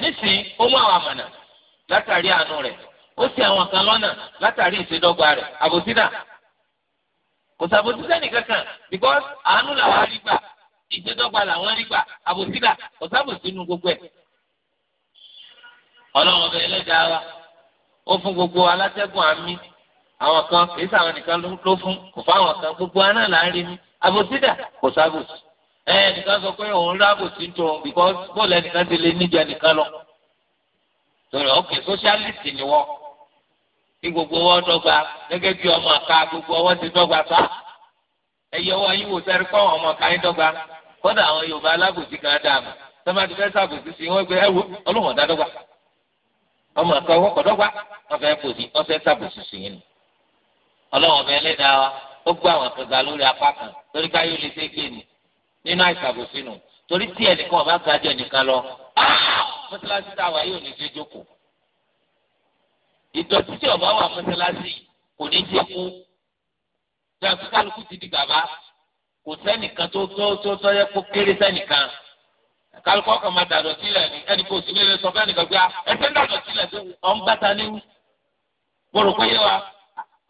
nísìnyí ó mú àwọn kò sàbòsí sẹ́nì kankan because àánú làwọn arígbà ìjẹ́dọ́gba làwọn arígbà àbòsílà kò sàbòsí inú gbogbo ẹ̀. ọlọ́run ọbẹ̀ ẹlẹ́dàá wa ó fún gbogbo alátẹ́gùn àmì àwọn kan kìí sàwọn nìkan ló fún kò fáwọn kan gbogbo aná là ń rí mi àbòsílà kò sàbòsí. ẹ nìkan sọ pé òun rábòsí tó òun because bọ́ọ̀lù ẹnìkan ti lé níjà nìkan lọ. torí ọkẹ́ sóṣálìsì ni wọ́n kí gbogbo wọn dọ́gba gẹ́gẹ́ bí ọmọ àká gbogbo wọn ti dọ́gba fa ẹyẹ wọn yìí wò sẹrí pọ àwọn ọmọ àká yín dọ́gba kódà àwọn Yorùbá alábòsí kan dà mọ sọmadì fẹsẹ àbòsí sí wọn gbé ẹwọ ọlọmọdà dọ́gba ọmọ àká wọn kọ dọ́gba wọn fẹẹ bòsí wọn fẹẹ sàbòsí sí yín ọlọmọbẹ Ẹlẹ́dàá wa ó gbọ́ àwọn àkàndá lórí apá kan torí káyọ lè ṣe kéènì nínú àìsàbòsí nù torí tí ẹnìkan ọba gàdí ẹnìkan lọ ìdọ̀tí tí ọba wà mọ́sálásí kò ní ṣe kú jàǹkú kálukú ti di bàbá kò sẹ́nìkan tó tó tó tó yẹ kó kéré sẹ́nìkan kálukú ọkàn máa dàdọ̀ sílẹ̀ ni ẹnì kò sí lélẹ̀ sọ fẹ́ẹ́ nìkan pé ah, ẹsẹ̀ ń dàdọ̀ sílẹ̀ tó ọ̀n bàtà ní mo rò pé yé wa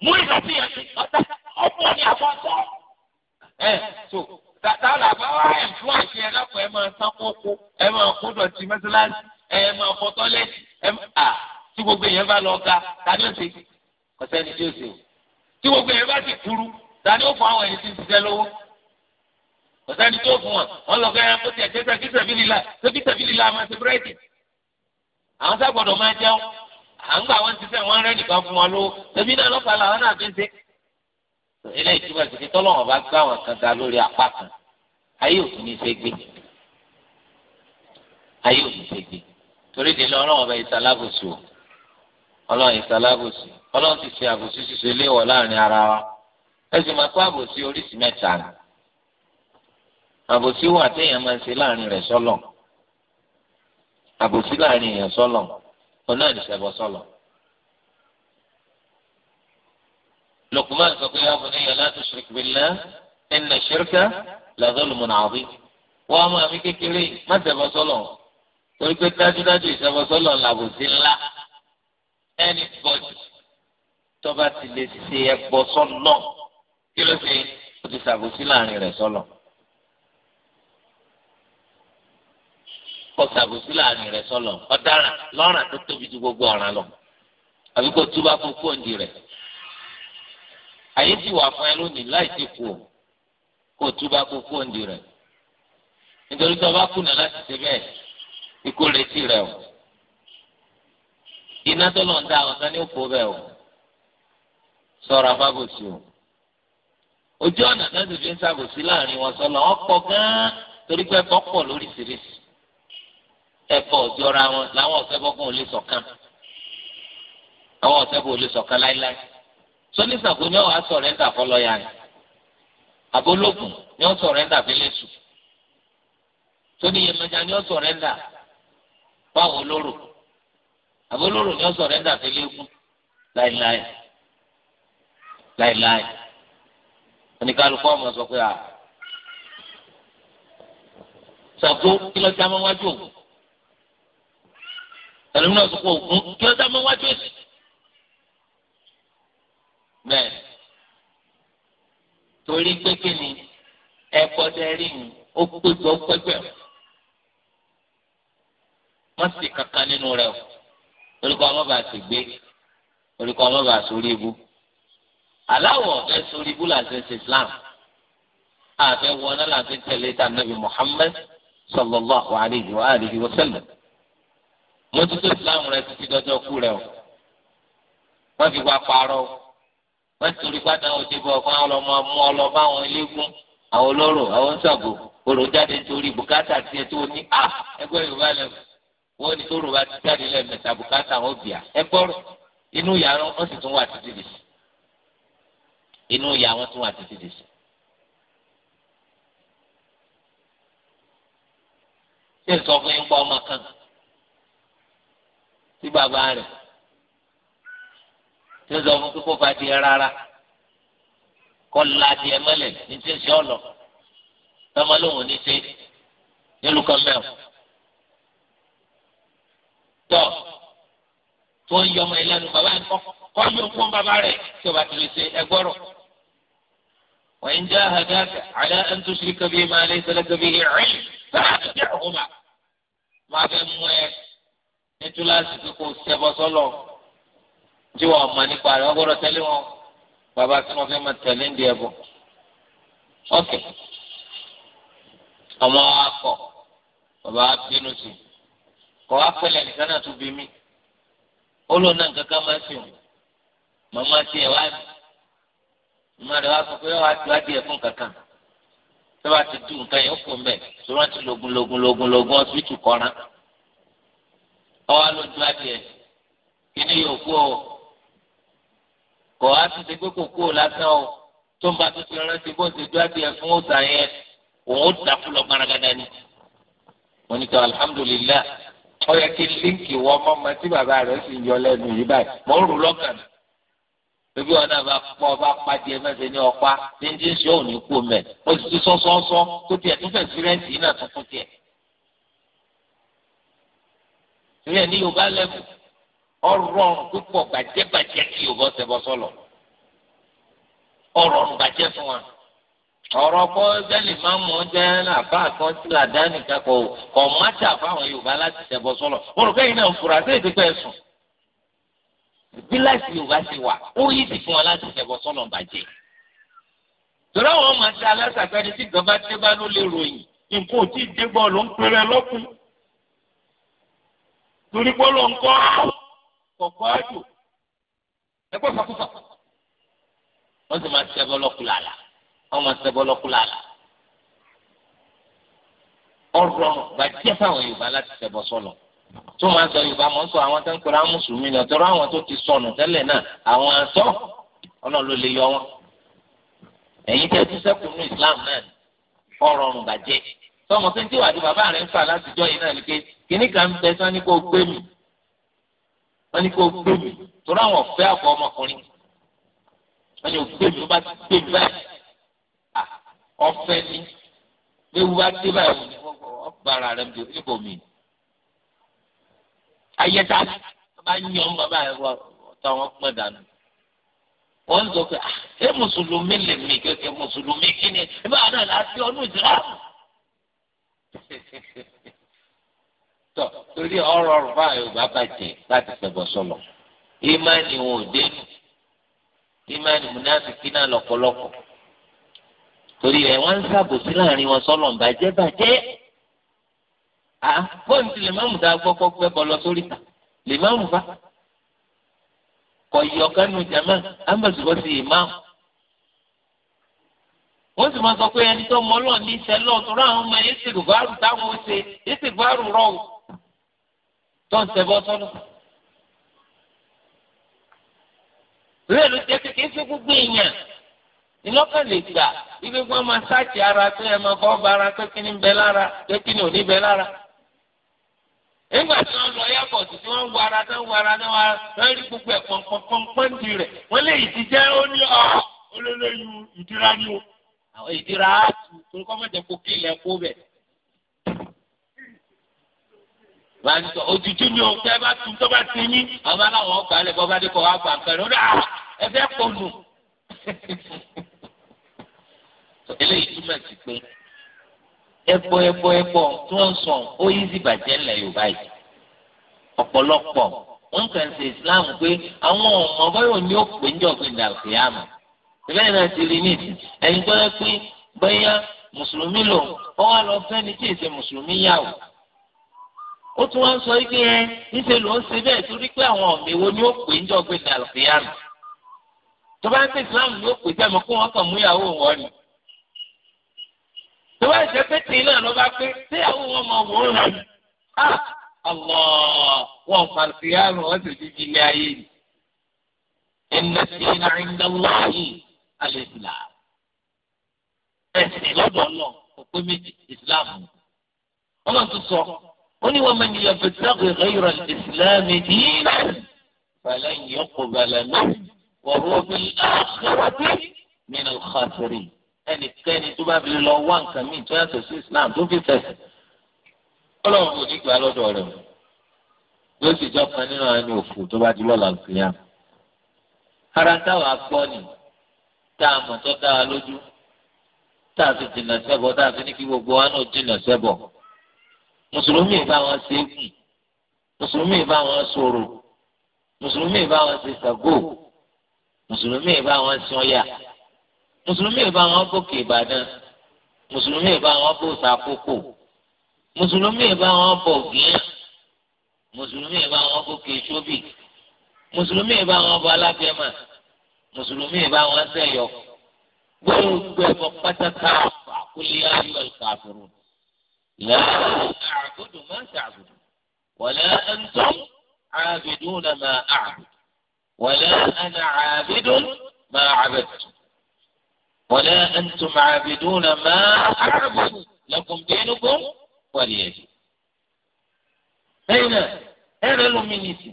mú ìdọ̀tí yẹn sí ọ̀tá ọ̀pọ̀ ní àbọ̀tọ̀ ẹ̀ so tàtà làbá wa ẹ̀ fún àṣẹ ẹ̀ lápò ẹ̀ máa sán kókó ẹ̀ máa kó tí gbogbo èèyàn bá lọ ga tani ó ṣe ọ̀sẹ́ni tí ó ṣe o tí gbogbo èèyàn bá ti kúrú tani ó fún àwọn èyí tí ń ṣiṣẹ́ lówó ọ̀sẹ́ni tó fún wọn wọn lọ gbẹ́yà kó tiẹ̀ tẹ́tẹ́ kí sẹ̀fìlìlà tó kí sẹ̀fìlìlà máa ṣe búrẹ́dì àwọn sábọ̀dọ̀ máa jẹun à ń gbà wọn ṣiṣẹ́ wọn rẹ́ nìkan fún wọn lówó tẹ̀bí náà lọ́pàá làwọn náà fi ń ṣe. eléyìí túbọ̀ sí pé tọ́lọ́wọ́n bá gbá àwọn kan ga lórí apá kan ayé òfin ní ṣe gbé ayé òfin ṣe gbé torí dèlé ọlọ́wọ́n bá yìí ọlọ́run ìsàlẹ̀ àbòsí ọlọ́run ti ṣe àbòsí ṣiṣẹ́ léèwọ̀ láàrin ara wa ẹ sì máa kó àbòsí oríṣìí mẹ́ta ni àbòsí wà téèyàn máa ń ṣe láàrin rẹ̀ sọ́lọ̀ àbòsí láàrin èèyàn sọ́lọ̀ ọ̀nà ìṣẹ̀bọ̀ sọ́lọ̀. Luqman sọ pé ya bunayya la tushrik billah inna shirka la dhulmun adhim wọ́n á máa mi kékeré má ṣẹ̀bọ̀ sọ́lọ̀ torí pé dájúdájú ìṣẹ̀bọ̀ sọ́lọ̀ làbòsí ńlá anybody tọ́ba ti lè ṣe ẹbọ sọ́lọ̀ kí ló ṣe o ti ṣàbòsí láàrin rẹ̀ sọ́lọ̀. o ṣàbòsí láàrin rẹ̀ sọ́lọ̀ ọ̀daràn lọ́ràn tó tóbi ju gbogbo ọ̀ràn lọ àbí kò túbà fún fóònù rẹ̀ àyè ti wà fún ẹ lónìí láì ti kú o kò túbà fún fóònù rẹ̀ nítorí tọ́ba kùnà láti ṣe bẹ́ẹ̀ ikú retí rẹ̀ o iná tó lọ ń da ọ̀sán ní òkú bẹ́ẹ̀ o sọ̀rọ̀ afábòsí o ojú ọ̀nà tó ti fi ń ṣàbòsí láàrin wọn sọ́lọ́ wọn pọ̀ gan-an torí pé ẹ̀fọ́ pọ̀ lóríṣiríṣi ẹ̀fọ́ òjọra wọn làwọn ọ̀sẹ́bọ̀gùn ò lè ṣọ̀kan àwọn ọ̀sẹ́bọ̀gùn ò lè ṣọ̀kan láéláé sọ́nísàkó ni wọ́n á sọ̀rẹ́ńdà fọlọ́yà rẹ̀ àbólógùn ni wọ́n sọ̀rẹ́ńdà fẹ́lẹ́sù tóníyẹmẹjà ni wọ́n sọ̀rẹ́ńdà fáwọn olóró àbólóró ni ó sọ̀rẹ́ńdà sí léegun láìláì láìláì oníkálukú ọmọ sọ pé a sàgbó kí ló já mọ́ wájú òkú ẹlòmínú ọ̀sùn kó òkú kí ló já mọ́ wájú èsì bẹ́ẹ̀ torí pé kí ni ẹ̀kọ́ dẹ́rì ń ó péjọ pẹ́pẹ́ wọ́n sì kankan nínú rẹ̀ o torí kọ́ ọmọba ti gbé torí kọ́ ọmọba sórí ibu aláwọ̀ ọ̀fẹ́ sórí ibu làṣẹ ṣe Islam àfẹ́ wọná làṣẹ tẹ̀lé ta nàbì Muhammad sallallahu alayhi wa alihi wa sallam mójútó Islam rẹ títí dọ́jọ́ kú rẹ o wọ́n fi wá parọ́ wọ́n ti torí pátá òde bọ̀ fún àwọn ọmọ mú ọ lọ bá àwọn eléégún àwọn olóró àwọn sàgò òrò jáde bùkátà tiẹ̀ tó ní ah, ẹgbẹ́ Yorùbá lẹ́wọ̀n wọ́n ní tó rùn bá ti jáde lẹ́ẹ̀mẹ́ta bùkátà wọn bìà ẹ gbọ́rọ̀ inú ìyá wọn sì tún wà títí dì sí inú ìyá wọn tún wà títí dì sí. ṣé n sọ fún yín pa ọmọ kan sí bàbá rẹ̀ ṣé sọ fún kíkó fàdí ẹ rárá kọ́ ládìí ẹ mọ́lẹ̀ ní tí ń ṣe ọ̀lọ́ tọ́mọ ní ṣe nílùú kan mẹ́wọ̀n tọ̀ tó ń yọmọ ìlànà bàbá yẹn kọ́ kọ́ yóò fún bàbá rẹ̀ tí o bá ti lè ṣe ẹgbọ́rọ̀. وإن جاهداك على أن تشرك به ما ليس لك به علم فلا تطعهما ما بين nítorí àsìkò kò ṣẹbọ sọlọ tí wọn mọ nípa rẹ̀ wọn gbọ́dọ̀ tẹ̀lé wọn bàbá tí wọn fẹẹ máa tẹ̀lé ń di ẹbọ ọmọ akọ bàbá bínú sí i kọ́ apẹ̀lẹ̀ nìkan náà tún bí mi ó lóun náà nǹkan kan máa ń sìn òun màmá tiẹ̀ wá mi màmá rẹ̀ wá sọ pé wá ti wá di ẹ̀fún kankan tó bá ti dùn nǹkan yẹn ó kò mẹ́ tó wọ́n ti lògùn lògùn lògùn lògùn ọ̀sìtù kọ́ra ọwọ́ ló ju adìẹ kí ni yóò kú ọ kọ́ á ti pé kò kú ọ lásán o tó ń bá tó ti rántí bó ti ju adìẹ fún ọ̀sán yẹn òun ó dàkú lọ gbaragada ni. mo ní kí alhamdulilayi ọyọ kí líǹkì wọ ọmọ ọmọ tí bàbá rẹ̀ sì yọ lẹ́nu yìí báyìí mọ rú lọ́kàn ebi ọ̀nà bá pọ̀ bá pàdé ẹ mẹ́sẹ̀ ní ọ̀pá ní ní ṣe ò ní kú mẹ́ ó sì ti sọ́sọ́sọ́ tó tiẹ̀ tó fẹ̀sí rẹ́ǹtì yìí náà tó kú tiẹ̀. torí ẹ yorùbá lẹ́bù ọ̀rọ̀ púpọ̀ bàjẹ́ kí yorùbá ọ̀sẹ̀ bọ́ sọ́lọ̀ ọ̀rọ̀ fún wa ọ̀rọ̀ kọ́ jẹ́lì máa mú jẹ́ àbá kan tí àdáni kakọ̀ kọ̀ mátà fáwọn yorùbá láti tẹ̀bọ̀ sọ́lọ̀ wọn rò pé iná òfurà sí èdè pẹ́ sùn. bí láìsí yorùbá ti wà ó yí ti fún wọn láti tẹ̀bọ̀ sọ́lọ̀ bàjẹ́. torí àwọn ọmọ àti alásàgbẹ́ni tí gàmá dé bá ló lè ròyìn nǹkan ò tí ì dé bọ́ọ̀lù ń pèrè lọ́kùn. torí bọ́ọ̀lù ń kọ́ kọ̀ọ̀kọ́ àjò ẹgbẹ́ fàkúfà wọ́n sì máa tẹ̀bọ̀ lọ́kùn làlà wọn máa ṣẹbọ lọkùlàlà ọ̀rọ̀ gbàjẹ́ fáwọn yorùbá láti ṣẹbọ sọlọ tó máa sọ yorùbá mọ sọ àwọn tó ń pera mùsùlùmí náà tọrọ àwọn tó ti sọnù tẹ́lẹ̀ náà àwọn àtọ Ọlọ́run ló lè yọ wọn ẹ̀yin tẹ́ ti ṣẹ́kù ní islam náà ọ̀rọ̀ gbàjẹ́ sọmọ tó ń tí wàdí bàbá rẹ̀ ń fà látijọ́ yìí náà ni pé kíní kan bẹ sọ ní kó gbé mi wọn ní kó gbé mi tọrọ àwọn ọ̀fẹ́ àbọ̀ ọmọkùnrin wọn ní kó gbé mi wọn bá ti gbé mi báyìí ọ̀fẹ́ ni léwu bá dé báyìí ọgbàrà rẹ níbo mi. ayẹta bá yan bàbá yẹn wọ ọ̀tá wọn pọ̀ dànù wọ́n sọ pé ah, ṣé mùsùlùmí lè mí kékeré mùsùlùmí kí ni ibà náà láti ọdún ìsìlámù. tọ torí ọ̀rọ̀ ọ̀rọ̀ yorùbá bàjẹ́ láti ṣẹbọ sọlọ ìmánì wọn ò dénú ìmánì múnásìkí náà lọ́pọ̀lọpọ̀ torí rẹ̀ wọ́n ń ṣàbòsí láàrin wọn sọ́lọ̀ ń bàjẹ́ bàjẹ́ à fóònù ti lè má mú dáa gbọ́kọ́ gbẹ́ bọ́ lọ sórí ta lè má mú fa kọ̀yọ̀ kánú jama amẹ́sùwọ́ sí ìmáàmù wọ́n sì máa sọ pé ẹni tó mọ́ lọ́ọ̀ ní ìṣẹ́ lọ́ọ̀ tó ráhùn ọmọ ìṣègbárù táwọn ó ṣe ìṣègbárù rọ̀ ò tó ń ṣẹbọ sọ́nà. bẹ́ẹ̀ ló jẹ́ kékeré sí gbogbo èèyàn ìlọ́kàn lè gbà ibi wọn máa sáàtì ara pé ẹ máa fọ́ ba ara pé kíni ń bẹ lára pé kíni ò ní bẹ lára. nígbà tí wọn lọ yàgòtì tí wọn wọ ara tán wọ ara tán wọn rí gbogbo ẹ pọnpọnpọnpọn di rẹ wọn lè yìí ti ó ní ọ olólóyún ìdíra ni o. àwọn ìdíra á tu torí kọ́ mọ̀jẹ̀ kó kílẹ̀ kó bẹ̀. wàá ní ni o tẹ́ bá tu tó bá ti yín àwọn aláwọ̀ ọgbà lẹ̀ bọ́ bá dé kọ́ wá gbà kẹrin eléyìí túmọ̀ sí pé ẹbọ ẹbọ ẹbọ tí wọ́n sọ ó yí sí bàjẹ́ ńlẹ̀ yorùbá yìí ọ̀pọ̀lọpọ̀ wọn kàn ṣe islam pé àwọn ọmọ báyọ̀ ni ó pè ń jọ̀gbìn dàlùkìyàmù ìbẹ́ẹ̀ náà ti rí nìyí ẹni tó yẹ pé bẹ́yà mùsùlùmí lò ó wà lọ fẹ́ni tí èsè mùsùlùmí yàwó ó tún wá ń sọ wípé ẹ níṣẹ́ ló ń ṣe bẹ́ẹ̀ torí pé àwọn ọmọ ni ó pè ń jọ̀gbìn dàlùkìyàmù tó bá ń pè islam ni ó pè jẹ́ mọ́ kó wọ́n kàn mú ìyàwó wọn ni tó bá jẹ́ pé tì í náà ló bá pé tíyàwó wọn mọ wò ó rà yìí á àlọ́ wọn fàǹtì yàrá wọn sì ti di ilé ayé yìí ẹnna sí iná ìdáwó ayé alẹ́ ìlà ẹsẹ̀ lọ́dọ̀ òpé méjì islam wọn náà tún sọ ó ní wọn mẹ́ni yàtọ̀ sáàkì ẹ̀yọ̀rọ̀ islam dínà fàlẹ́ yọkọ̀ bàlẹ́ náà wọ́n wọ́n fi àkàrà dé nínú xaṣẹ́rì ẹnikẹ́ni tó bá fi lọ wá nǹkan míì tó yàtọ̀ sí islam tó fi fẹ̀sẹ̀ ọlọ́run kò ní gbà lọ́dọ̀ rẹ̀ yóò sì jọ kan nínú àwọn ẹni òfò tó bá di lọ́la òkèèyàn. ara táwọn agbọ́ ni tá a mọ̀ tó dá a lójú tá a fi jìnnà sẹ́bọ̀ tá a fi ní kí gbogbo wa náà jìnnà sẹ́bọ̀ mùsùlùmí bá wọn ṣe é kù mùsùlùmí bá wọn sọ̀rọ̀ mùsùlùmí bá wọn ṣe sàgó mùsùlùmí bá wọn sọ̀yà mùsùlùmí ò bá wọn gòkè ìbàdàn mùsùlùmí ò bá wọn bò sàkókò mùsùlùmí ò bá wọn bò gíyàn mùsùlùmí ò bá wọn gòkè sóbì mùsùlùmí ò bá wọn bò alábẹ́mà mùsùlùmí ò bá wọn sẹ́yọ gbogbo ẹ̀fọ́ pátákà àkúlé ayọ̀ ìkàfùrù lẹ́yìn àgùdù máa ń sàgùdù wọ̀lẹ́ ẹ̀ńtọ́m àbìdúnà máa àbìdù wọ̀lẹ́ ẹ̀ńtọ́m àbìdúnà máa àbìdù. ولا أنتم عابدون ما أعبد لكم دينكم ولي دين ẹ̀yin ẹrẹ lómi ní ti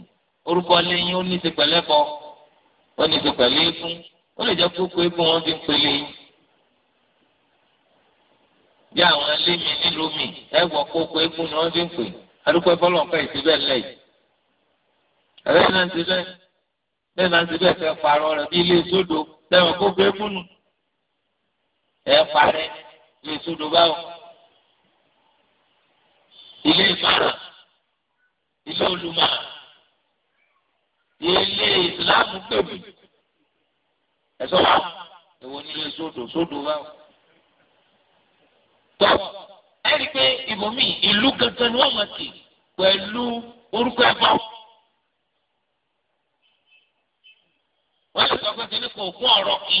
orúkọ lẹ́yìn ó ní ti pẹlẹ bọ ó ní ti pẹlẹ fún ó lè jẹ kókó egbò wọn fi ń pele bí àwọn ẹlẹ́mi nílùú mi ẹ wọ kókó egbò ni wọn fi ń pè adúgbò bọlọ nǹkan ìsí bẹ́ẹ̀ lẹ́yìn ẹrẹ náà ti bẹ́ẹ̀ bẹ́ẹ̀ náà ti bẹ́ẹ̀ fẹ́ parọ́ rẹ̀ bí ilé sódò lẹ́wọ̀n kókó egbò nù ẹ parẹ́ ní ìsúdò báwò ilé ìmàrà ilé olùmọ̀ ilé ìsìlámù pẹ̀lú ẹ sọ wá èwo nílé sódò sódò báwò tọ ẹ rí i pé ibòmíì ìlú gangan ni wọ́n mọ̀ sí pẹ̀lú orúkọ ẹ̀fọ́. wọ́n lè sọ pé kí ni kò kún ọ̀rọ̀ kìí.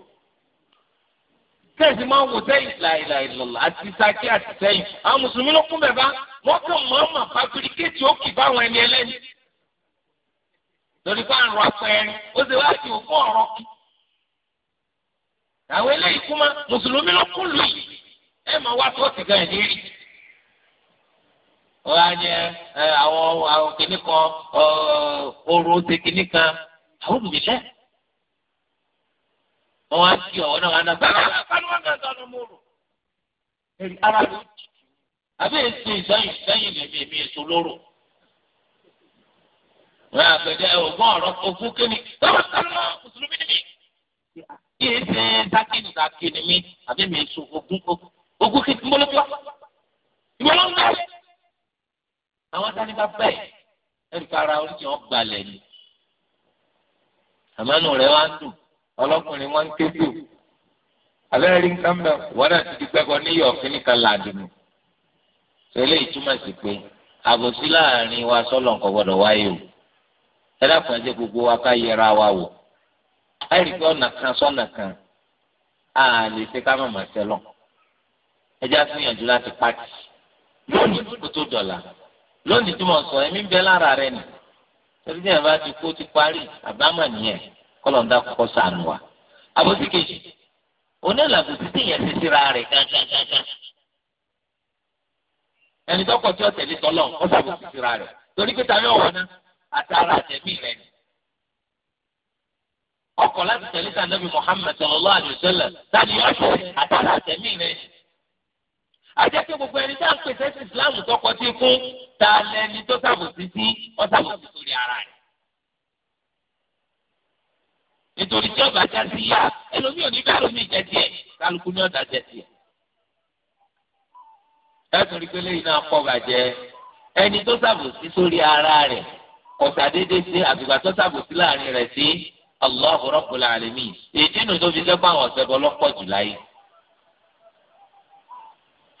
tẹ̀sí máa wò sẹ́yìn láìláìlọ́lá àti saki àti sẹ́yìn àwọn mùsùlùmí ló kún bẹ̀ bá wọ́n kàn mọ́ọ́mọ́ fàbíríkéètì ó kì báwọn ẹni ẹlẹ́ni lórí fáwọn ọ̀rọ̀ apẹ́ẹ́rin ó sì wáá ti òkú ọ̀rọ̀ kí. àwọn eléyìí kú mọ́ mùsùlùmí ló kún lù yìí máa wá tó ti gan ẹ̀ ó wá ní àwọn kìnnìkan oru ó ti kìnnìkan àwọn òbí bìí wọn wá kí ọwọ́ náà wọn náà bàbá kálíwá gàdá ọ̀nà mòrò. èrì ara ló jì jù àbí èsì ìsẹ́yìn sẹ́yìn lèmi èmi èso lóró. wọn àgbẹ̀dẹ ògùn ọ̀rọ̀ ogún kéwì bàbá kálíwá mùsùlùmí ni mí. kí èsì sákìnì sákìnì mi àbí mi èso ogún ogún kéwì mbọlọpọ ìmọlọpọ. àwọn sani bá bẹ́ẹ̀ ẹ̀rí kára oríṣi ọgbà lẹ́yìn àmọ́nù rẹ̀ wá ń dùn ọlọ́kùnrin wọn ń ké bíò abẹ́rẹ́ rí nǹkan mẹ́ wọ́n náà ti di pẹ́kọ ní yọ̀ọ̀kì nìkan làdùnú ṣẹlẹ̀ ìtumọ̀ sí pé àbòsí láàrin wa sọ́lọ̀ nǹkan gbọ́dọ̀ wáyé o ẹ dákun ẹjẹ gbogbo wa ká yẹra wa wò láìrí pé ọ̀nà kan sọ́nà kan a lè ṣe ká mọ̀mọ́ sẹ́lọ̀ ẹjẹ́ àfihànjú láti pàtì lónìí kó tó dọ̀là lónìí tí sọ ẹ̀mí bẹ lára rẹ nì torí bí ẹ̀ bá ti kó ti parí àbámọ̀ nìyẹn kọ́lọ̀ ń dákun kọ́ sànù wa. àbòsí kejì onílàbò títí yẹn ti síra rẹ̀ gángangangan. ẹni tó kọ̀ tí ó tẹ̀lé tọ́lọ̀ ó sàbò sí síra torí pé tàbí ọ̀wọ́ ná àtàrà àtẹ̀mí rẹ̀ ni. ọkọ̀ láti tẹ̀lé sànàbí Muhammad sallallahu alaihi wasallam láti yọ ọ̀ṣọ́ àtàrà àtẹ̀mí rẹ̀ ni. àjẹpẹ́ gbogbo ẹni tá à ń pèsè Islam tọkọ tí ta lẹni tó sàbò sí ọ sàbò sórí ara rẹ̀ nítorí tí ọba já sí yá ẹlòmíì òní bá lómi jẹ tiẹ̀ kálukú ní ọ̀dà jẹ tiẹ̀. látòrí pé lẹ́yìn náà kọ́ bàjẹ́ ẹni tó ṣàbòsí sórí ara rẹ̀ ọ̀sà dédé sí àbígbà tó ṣàbòsí láàrin rẹ̀ sí Allahu Rabbul Alamin èdè nù tó fi dẹ́gbọ́ àwọn ọ̀sẹ̀ lọ́pọ̀ jù láyé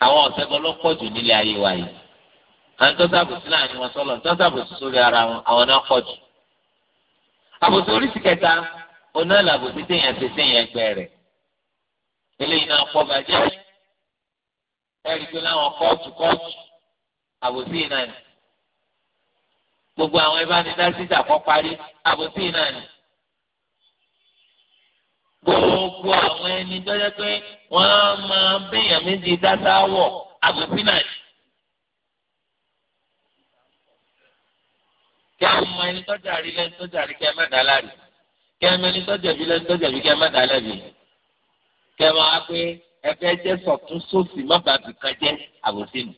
àwọn ọ̀sẹ̀ lọ́pọ̀ jù nílé ayé wa àwọn tó ṣàbòsí láàrin wọn sọ́lọ̀ oná làbòsí téèyàn ṣe séèyàn ẹgbẹ́ rẹ̀ eléyìí náà pọ̀ bàjẹ́ ẹ̀rí pé láwọn kóòtù kóòtù àbòsí náà ni gbogbo àwọn ìbánidásíta kọ́ parí àbòsí náà ni gbogbo àwọn ẹni dọ́jọ́ pé wọ́n á máa béèyàn méjì dásáwọ̀ àbòsí náà ni. kí àwọn ọmọ ẹni tọ́jà rí lẹ́nu tọ́jà rí kí ẹ má dá láàrin kí ẹ mẹni tọ́jàbí lẹ́nu tọ́jàbí kí ẹ má dà lẹ́bi kí ẹ máa pé ẹfẹ́ jẹ́ sọ̀tún sósì má bàbí kan jẹ́ àbòsí nù.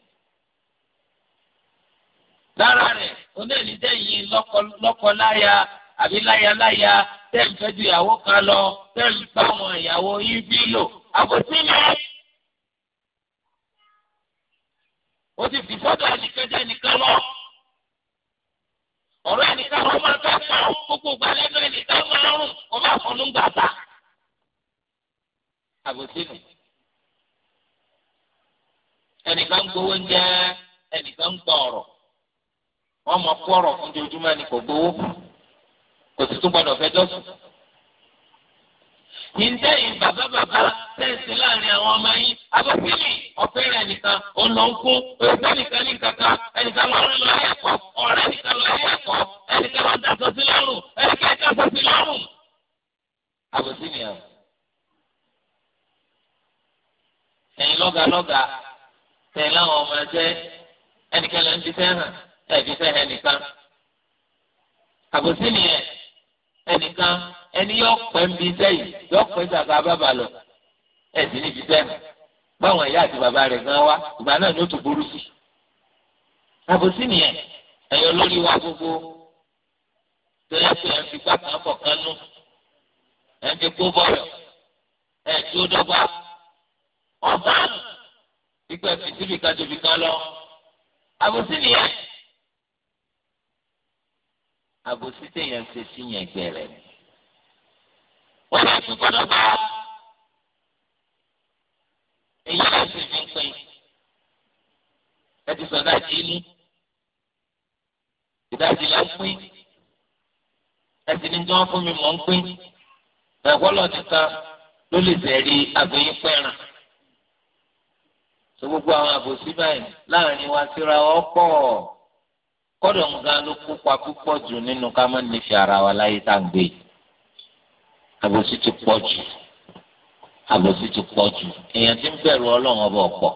lára rẹ̀ onílẹ̀ dẹ́yìn lọ́kọ-láya àbí láya-láya tẹ́ ń fẹ́ ju ìyàwó kan lọ tẹ́ ń bá wọn ìyàwó yín bí lò àbòsí nù. o ti fi fọ́tò ẹnìkan jẹ́ ẹnìkan lọ ọ̀rọ̀ ẹni táwọn máa tọ́ ká gbogbo ìgbà lẹ́nu ẹni táwọn máa rùn wọ́n máa fọ́n ló ń gbà bá. àbòsílù ẹnìkan ń gbowó ń jẹ ẹnìkan ń gbọ́ ọ̀rọ̀ wọ́n mọ̀ kú ọ̀rọ̀ fún ojoojúmọ́ ẹnì kò gbowó kò sì tún gbọ́dọ̀ fẹjọ́ sùn ìdẹ́yìn bàbá bàbá tẹ̀sí láàrin àwọn ọmọ yín abọ́sílì ọ̀fẹ́ rẹ̀ nìkan ọ̀nàǹkó ọ̀gbẹ́ nìkan ní kankan ẹnìkan lọ rìn lọ́yẹ̀ ẹ̀kọ́ ọ̀rẹ́ nìkan lọ́yẹ̀ ẹ̀kọ́ ẹnìkan lọ dàtọ̀ sí lọ́rùn ẹnìkan ẹ̀ka sọ sí lọ́rùn. abọ́sílì ẹ̀ ẹ̀yin lọ́gà lọ́gà tẹ̀ láwọn ọmọ ẹ̀jẹ̀ ẹnìkan lẹ́ ẹnìkan ẹni yọ pẹ́ ń bi sẹ́yìn yọ pẹ́ sàkà bàbà lọ ẹ̀sìn níbi sẹ́yìn báwọn ìyá àti bàbá rẹ̀ gan wá ìgbà náà ni ó tún burú sí. àbòsí nìyẹn ẹ̀yọ́ lórí wa gbogbo tẹ́lẹ̀ pé ẹ̀ ń fi gbà kan bọ̀ kan nù ẹ̀ ń fi kó bọ̀rọ̀ ẹ̀ tí ó dọ́gba ọ̀gá ìgbà fìtíbì kan tóbi kan lọ. àbòsí nìyẹn àbòsí téèyàn ṣe sí yẹn gbẹrẹ wọn bá tún gbọ́dọ̀ bá èyí ló sì fi ń pín ẹ ti sọ dájú inú ìdájí la ń pín ẹ sì ní tí wọn fún mi mọ ń pín ẹ̀kọ́ lọ nìkan ló lè tẹrí àgbẹyìn pẹran tó gbogbo àwọn àbòsí báyìí láàrin wa síra ọ pọ̀ kọ́dọ̀ nǹkan ló kópa púpọ̀ jù nínú ká má nífẹ̀ẹ́ ara wa láyé tá à ń gbé àbòsí ti pọ̀ jù àbòsí ti pọ̀ jù èèyàn ti ń bẹ̀rù ọlọ́run ọba ọ̀pọ̀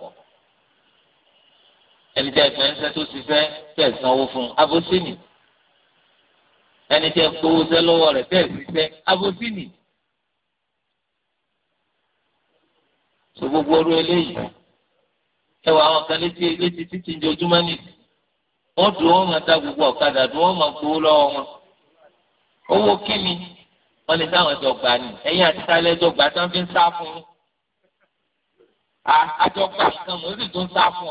ẹni tẹ́ fẹ́ ń sẹ́ tó ti fẹ́ tẹ́ sanwó fún un àbòsí ni ẹni tẹ́ gbowó sẹ́ lọ́wọ́ rẹ̀ tẹ́ sì fẹ́ àbòsí ni. sọ gbogbo orú eléyìí ẹ wọ àwọn kan létí létí títí ojoojúmọ́ nìyí. wọ́n dùn ó máa dá gbogbo ọ̀kadà dùn ó máa gbowó lọ́wọ́ wọn. owó kíni wọ́n lè dáhùn ẹjọ́ gbà ní ẹ̀yìn àti sálẹ̀ ẹjọ́ gbà tí fi ń sá fún un. àjọ gbà nǹkan mọ̀ ń sì tún sá fún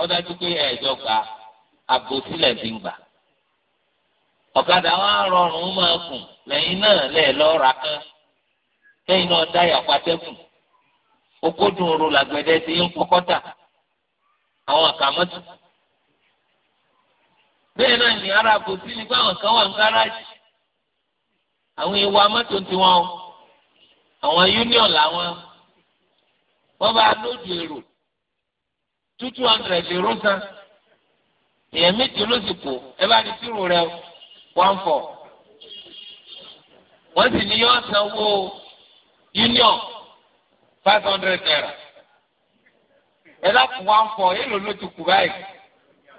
ọ. dájú pé gbà àbò sílẹ̀ ti ń gbà. ọ̀kadà rọrùn máa kùn lẹ́yìn náà ra kán lẹ́yìn náà dá ìyàpá tẹ́kùn làgbẹ̀dẹ bẹ́ẹ̀ náà ní ara àbòsí ni pé àwọn kan wà ní gáràjì àwọn ewu amọ́tò tiwọn o àwọn union làwọn wọ́n bá lóòdù èrò two two hundred èrò san èèyàn méje ló sì kù ẹ bá ní tìrù rẹ one four wọ́n sì ní yọ sanwó union five hundred naira ẹ lákùn one four èèlò ló ti kù báyìí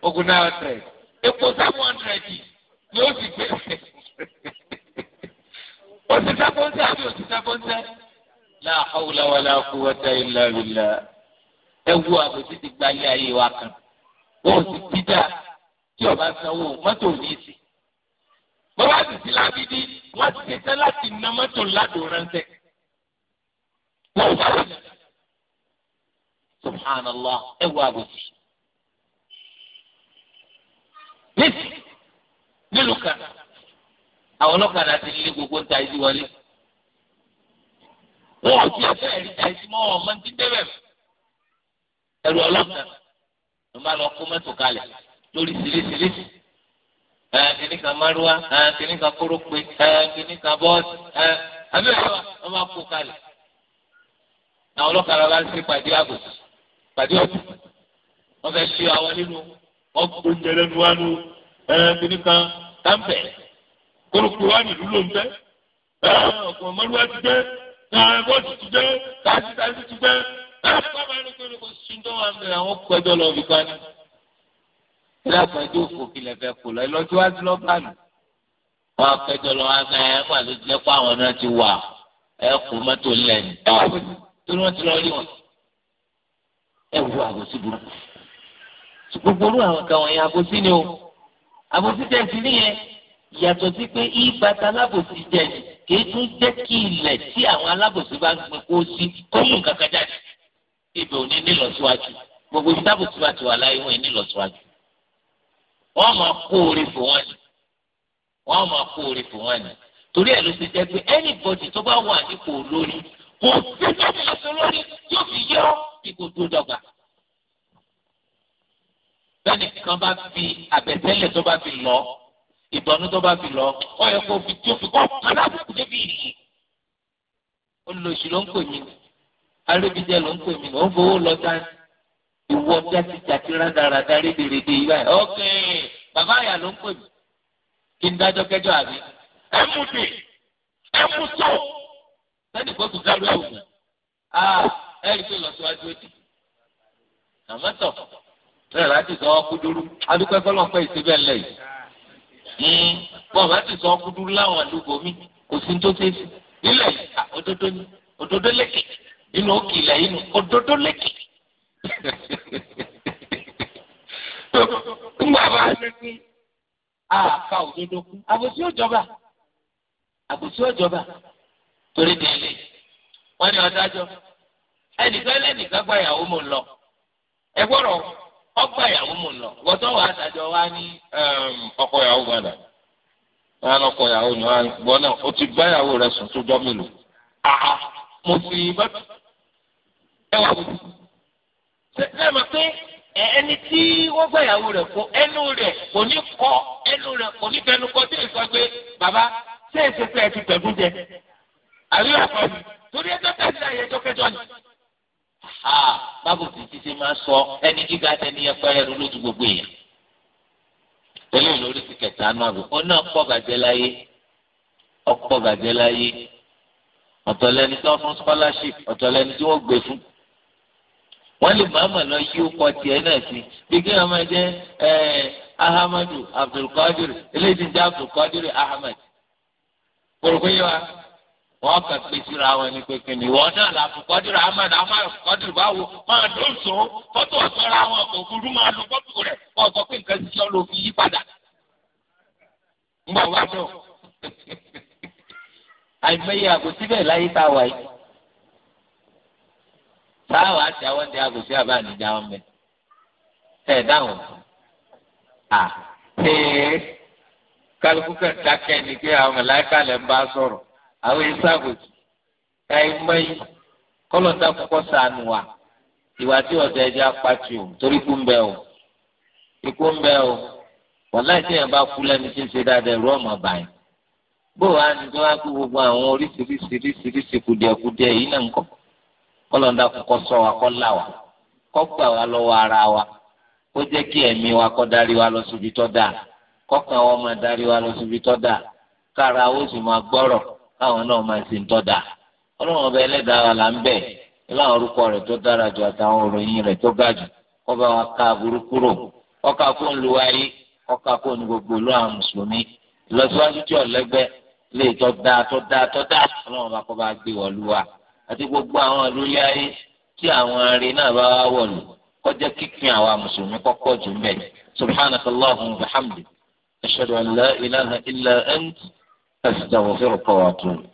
ogun náírà tẹ̀lé epo seven hundred ni ó sì gbé òṣìṣẹ́ fúnṣẹ́ àbí òṣìṣẹ́ fúnṣẹ́ la hawla wala quwwata illa billah ẹ wú àbòsí ti gba ilé ayé wa kan ó sì ti dá tí ọba sanwó mọ́tò ní ìsì bọ́lá sì sí lábídí wọ́n ti ṣiṣẹ́ láti na mọ́tò ládùn ránṣẹ́ wọ́n wá lọ́nà subhanallah ẹ wú àbòsí nísì nílùú kan àwọn ọlọ́kadà ti lé gbogbo ta ìdí wọlé wọn ò tiẹ̀ fẹ́ ẹ̀rí ta ìdí mọ́ ọmọ ní bẹ́ẹ̀ ẹ̀rù ọlọ́kadà ló máa lọ kó mẹ́tò kalẹ̀ lórí sírísírísì kìnnì kan márúwá kìnnì kan kórópè kìnnì kan bọ́ọ̀sì àbí ẹ̀rọ wọn máa kó kalẹ̀. àwọn ọlọ́kadà bá ń ṣe pàdé àgùntàn pàdé ọ̀tún wọn fẹ́ ṣe àwọn nínú ọkùnrin jẹrẹ nu wa nu ẹnìkan kan táǹpẹ̀ kórópò wa nìlú ló ń fẹ́ ọkùnrin mọ́lúwa ti jẹ́ bọ́ọ̀sì ti jẹ́ káàsì káàsì ti jẹ́ bàbá ẹni pé kò sí ní wọn bẹ̀rẹ̀ àwọn pẹ̀jọ́ lọ bí kan ní. ilé àpẹjọ òfò kìlẹ̀ fẹ́ kò lọ ìlọ́jọ́ wá sí lọ́ba nù. wọn pẹ̀jọ́ lọ wá náà ẹ̀ wà ló jẹ́ pé àwọn náà ti wà ẹ̀ kó mọ́tò lẹ́nu. torí wọ́n ti lọ rí wọn. ẹ wo àgọ́sí burúkú gbogbo orú àwọn kan wọ̀nyẹn àbòsí ni o àbòsí tẹ̀sí nìyẹn ìyàtọ̀ sí pé ìbátan alábòsí jẹ kì í tún jẹ́ kí ilẹ̀ tí àwọn alábòsí bá ń gbin kó sí kó mú nǹkan kan jáde ibẹ̀ ò ní nílọsíwájú gbogbo ibi tábòsí bá ti wà láyé wọn nílọsíwájú wọ́n máa kó orí fún wọn ni wọ́n máa kó orí fún wọn ni torí ẹ̀ ló ti jẹ́ pé anybody tó bá wà nípò olórí kò sí ẹni lọ́sọ lórí yóò fi yọ ipò tó dọ́gba tẹnìkan bá fi àbẹ̀tẹ́lẹ̀ tó bá fi lọ ìbọnú tó bá fi lọ ọ yẹ kó fi tó fi kọ́ alábùkù débi yìí olùlọ́sì ló ń pè mí arébíjẹ ló ń pè mí ó ń fowó lọ dá ìwọ jáde jáde rádaràdá rédèrèdè yìí báyìí ok bàbá àyà ló ń pè mí kí n dájọ́ kẹjọ́ àbí ẹ mú dè ẹ mú tó sẹ́ni kó tún dárú ẹ̀ ah ẹ̀ rí i pé lọ́sọ̀wájú ó dì àmọ́tọ̀ bẹ́ẹ̀ láti sọ ọkúdúrú adúpẹ́ fọlọ́pẹ́ ìṣẹ́bẹ̀ ńlẹ̀ yìí hmm. bọ́ọ̀ láti sọ ọkúdúrú láwọn àdúgbò mi kò sí tó ṣe é sí nílẹ̀ yìí òdodo ni òdodo lékè inú òkè ilẹ̀ inú òdodo lékè. ńgbà bá àka òdodo kú àbòsí òjọba àbòsí òjọba torí di ilé wọn ni ọdájọ ẹnìkan lẹnìkan gbà ìyàwó mọ lọ ẹ gbọ́dọ̀ ọgbà ìyàwó mò ń lọ wọ́tọ́ wàá sàjọ wá ní ọkọ ìyàwó padà wọn á lọkọ ìyàwó ni wọn náà o ti bá ìyàwó rẹ sùn tó jọ mélòó àá mo fi bá ẹ wà wọ́n ṣe mọ̀ pé ẹni tí wọ́n gbà ìyàwó rẹ̀ kó ẹnu rẹ̀ kò ní kọ́ ẹnu rẹ̀ kò ní bẹnu kọ́ tí èso gbé bàbá ṣé èso pé ti pẹ̀lú jẹ àríwá kan torí ẹjọ́ tẹ̀sí àyẹ̀jọ́ ni. ha báwo ti ti ṣe máa sọ ẹni gíga tẹni ẹpẹrẹ ló lójú gbogbo èèyàn tẹlẹ lórí ti kẹta náà bò ó náà pọ̀ bàjẹ́ láyé ọ̀pọ̀ bàjẹ́ láyé ọ̀tọ̀ lẹni tó fún scholarship ọ̀tọ̀ lẹni tí wọ́n gbé fún wọ́n lè máàmà lọ yí tiẹ̀ náà sí bí kí wọ́n máa jẹ́ ahamadu abdulkadir eléyìí ti jẹ́ abdulkadir kòròkó yẹ wa. wọ́n kàn pé síra wọn ní pé kíni wọ́n náà làbù kọ́dìrì ahmed ahmed kọ́dìrì báwo máa dùn so fọ́tò ọ̀sọ́ra wọn kò burú máa lo fọ́tò rẹ̀ kọ́ ọ̀sọ́ pé nǹkan ti yọ ló fi yí padà. ń bọ̀ wá dùn. àìmọye àgòsí bẹ́ẹ̀ láyé tá a wà yìí. sáàwọ̀ àti àwọn ọ̀dẹ àgòsí àbá nìjà wọn bẹ̀. ẹ̀ dáhùn. à ṣe kálukú kẹta kẹ́ni pé àwọn mọ̀láìkà lẹ́ ń bá sọ̀rọ̀ àwọn ìsàbòsì àìmọye kọlọńdà kọkọ sànù wa ìwà tí ọ̀sẹ̀ ẹ̀jẹ̀ apàtì o torí kú ń bẹ o ikú ń bẹ o wọ́n láì tí yẹn bá kú lẹ́nu tí ń ṣe dáadáa ẹ̀rọ ọmọ báyìí bó wàá ní tí wọ́n kú gbogbo àwọn oríṣiríṣiríṣiríṣi kùdìẹ̀kùdìẹ̀ yìí náà ń kọ́ kọlọńdà kọkọ sọ wa kọ́ là wa kọ́ gbà wá lọ́wọ́ ara wa kó jẹ́ kí ẹ̀mí wa kọ́ darí wa lọ síbi tó dáa kọ́kàn wa máa darí wa lọ síbi tó dáa kára ó sì máa gbọ́rọ̀ káwọn náà máa ṣe ń tọ́da ọlọ́run ọba ẹlẹ́dàá wa là ń bẹ̀ ilé àwọn orúkọ rẹ̀ tó dára jù àtàwọn òròyìn rẹ̀ tó ga jù wa ká aburú kúrò ọkà kó ń lu ayé ọkà kó ń gbogbo ló àwọn mùsùlùmí ìlọsíwájú tí ọ̀lẹ́gbẹ́ lè ọlọ́run ọba bá gbé wọ̀lú wa àti gbogbo àwọn ayé tí àwọn arin náà bá wọ̀lú kọjá àwa أستغفرك وأتوب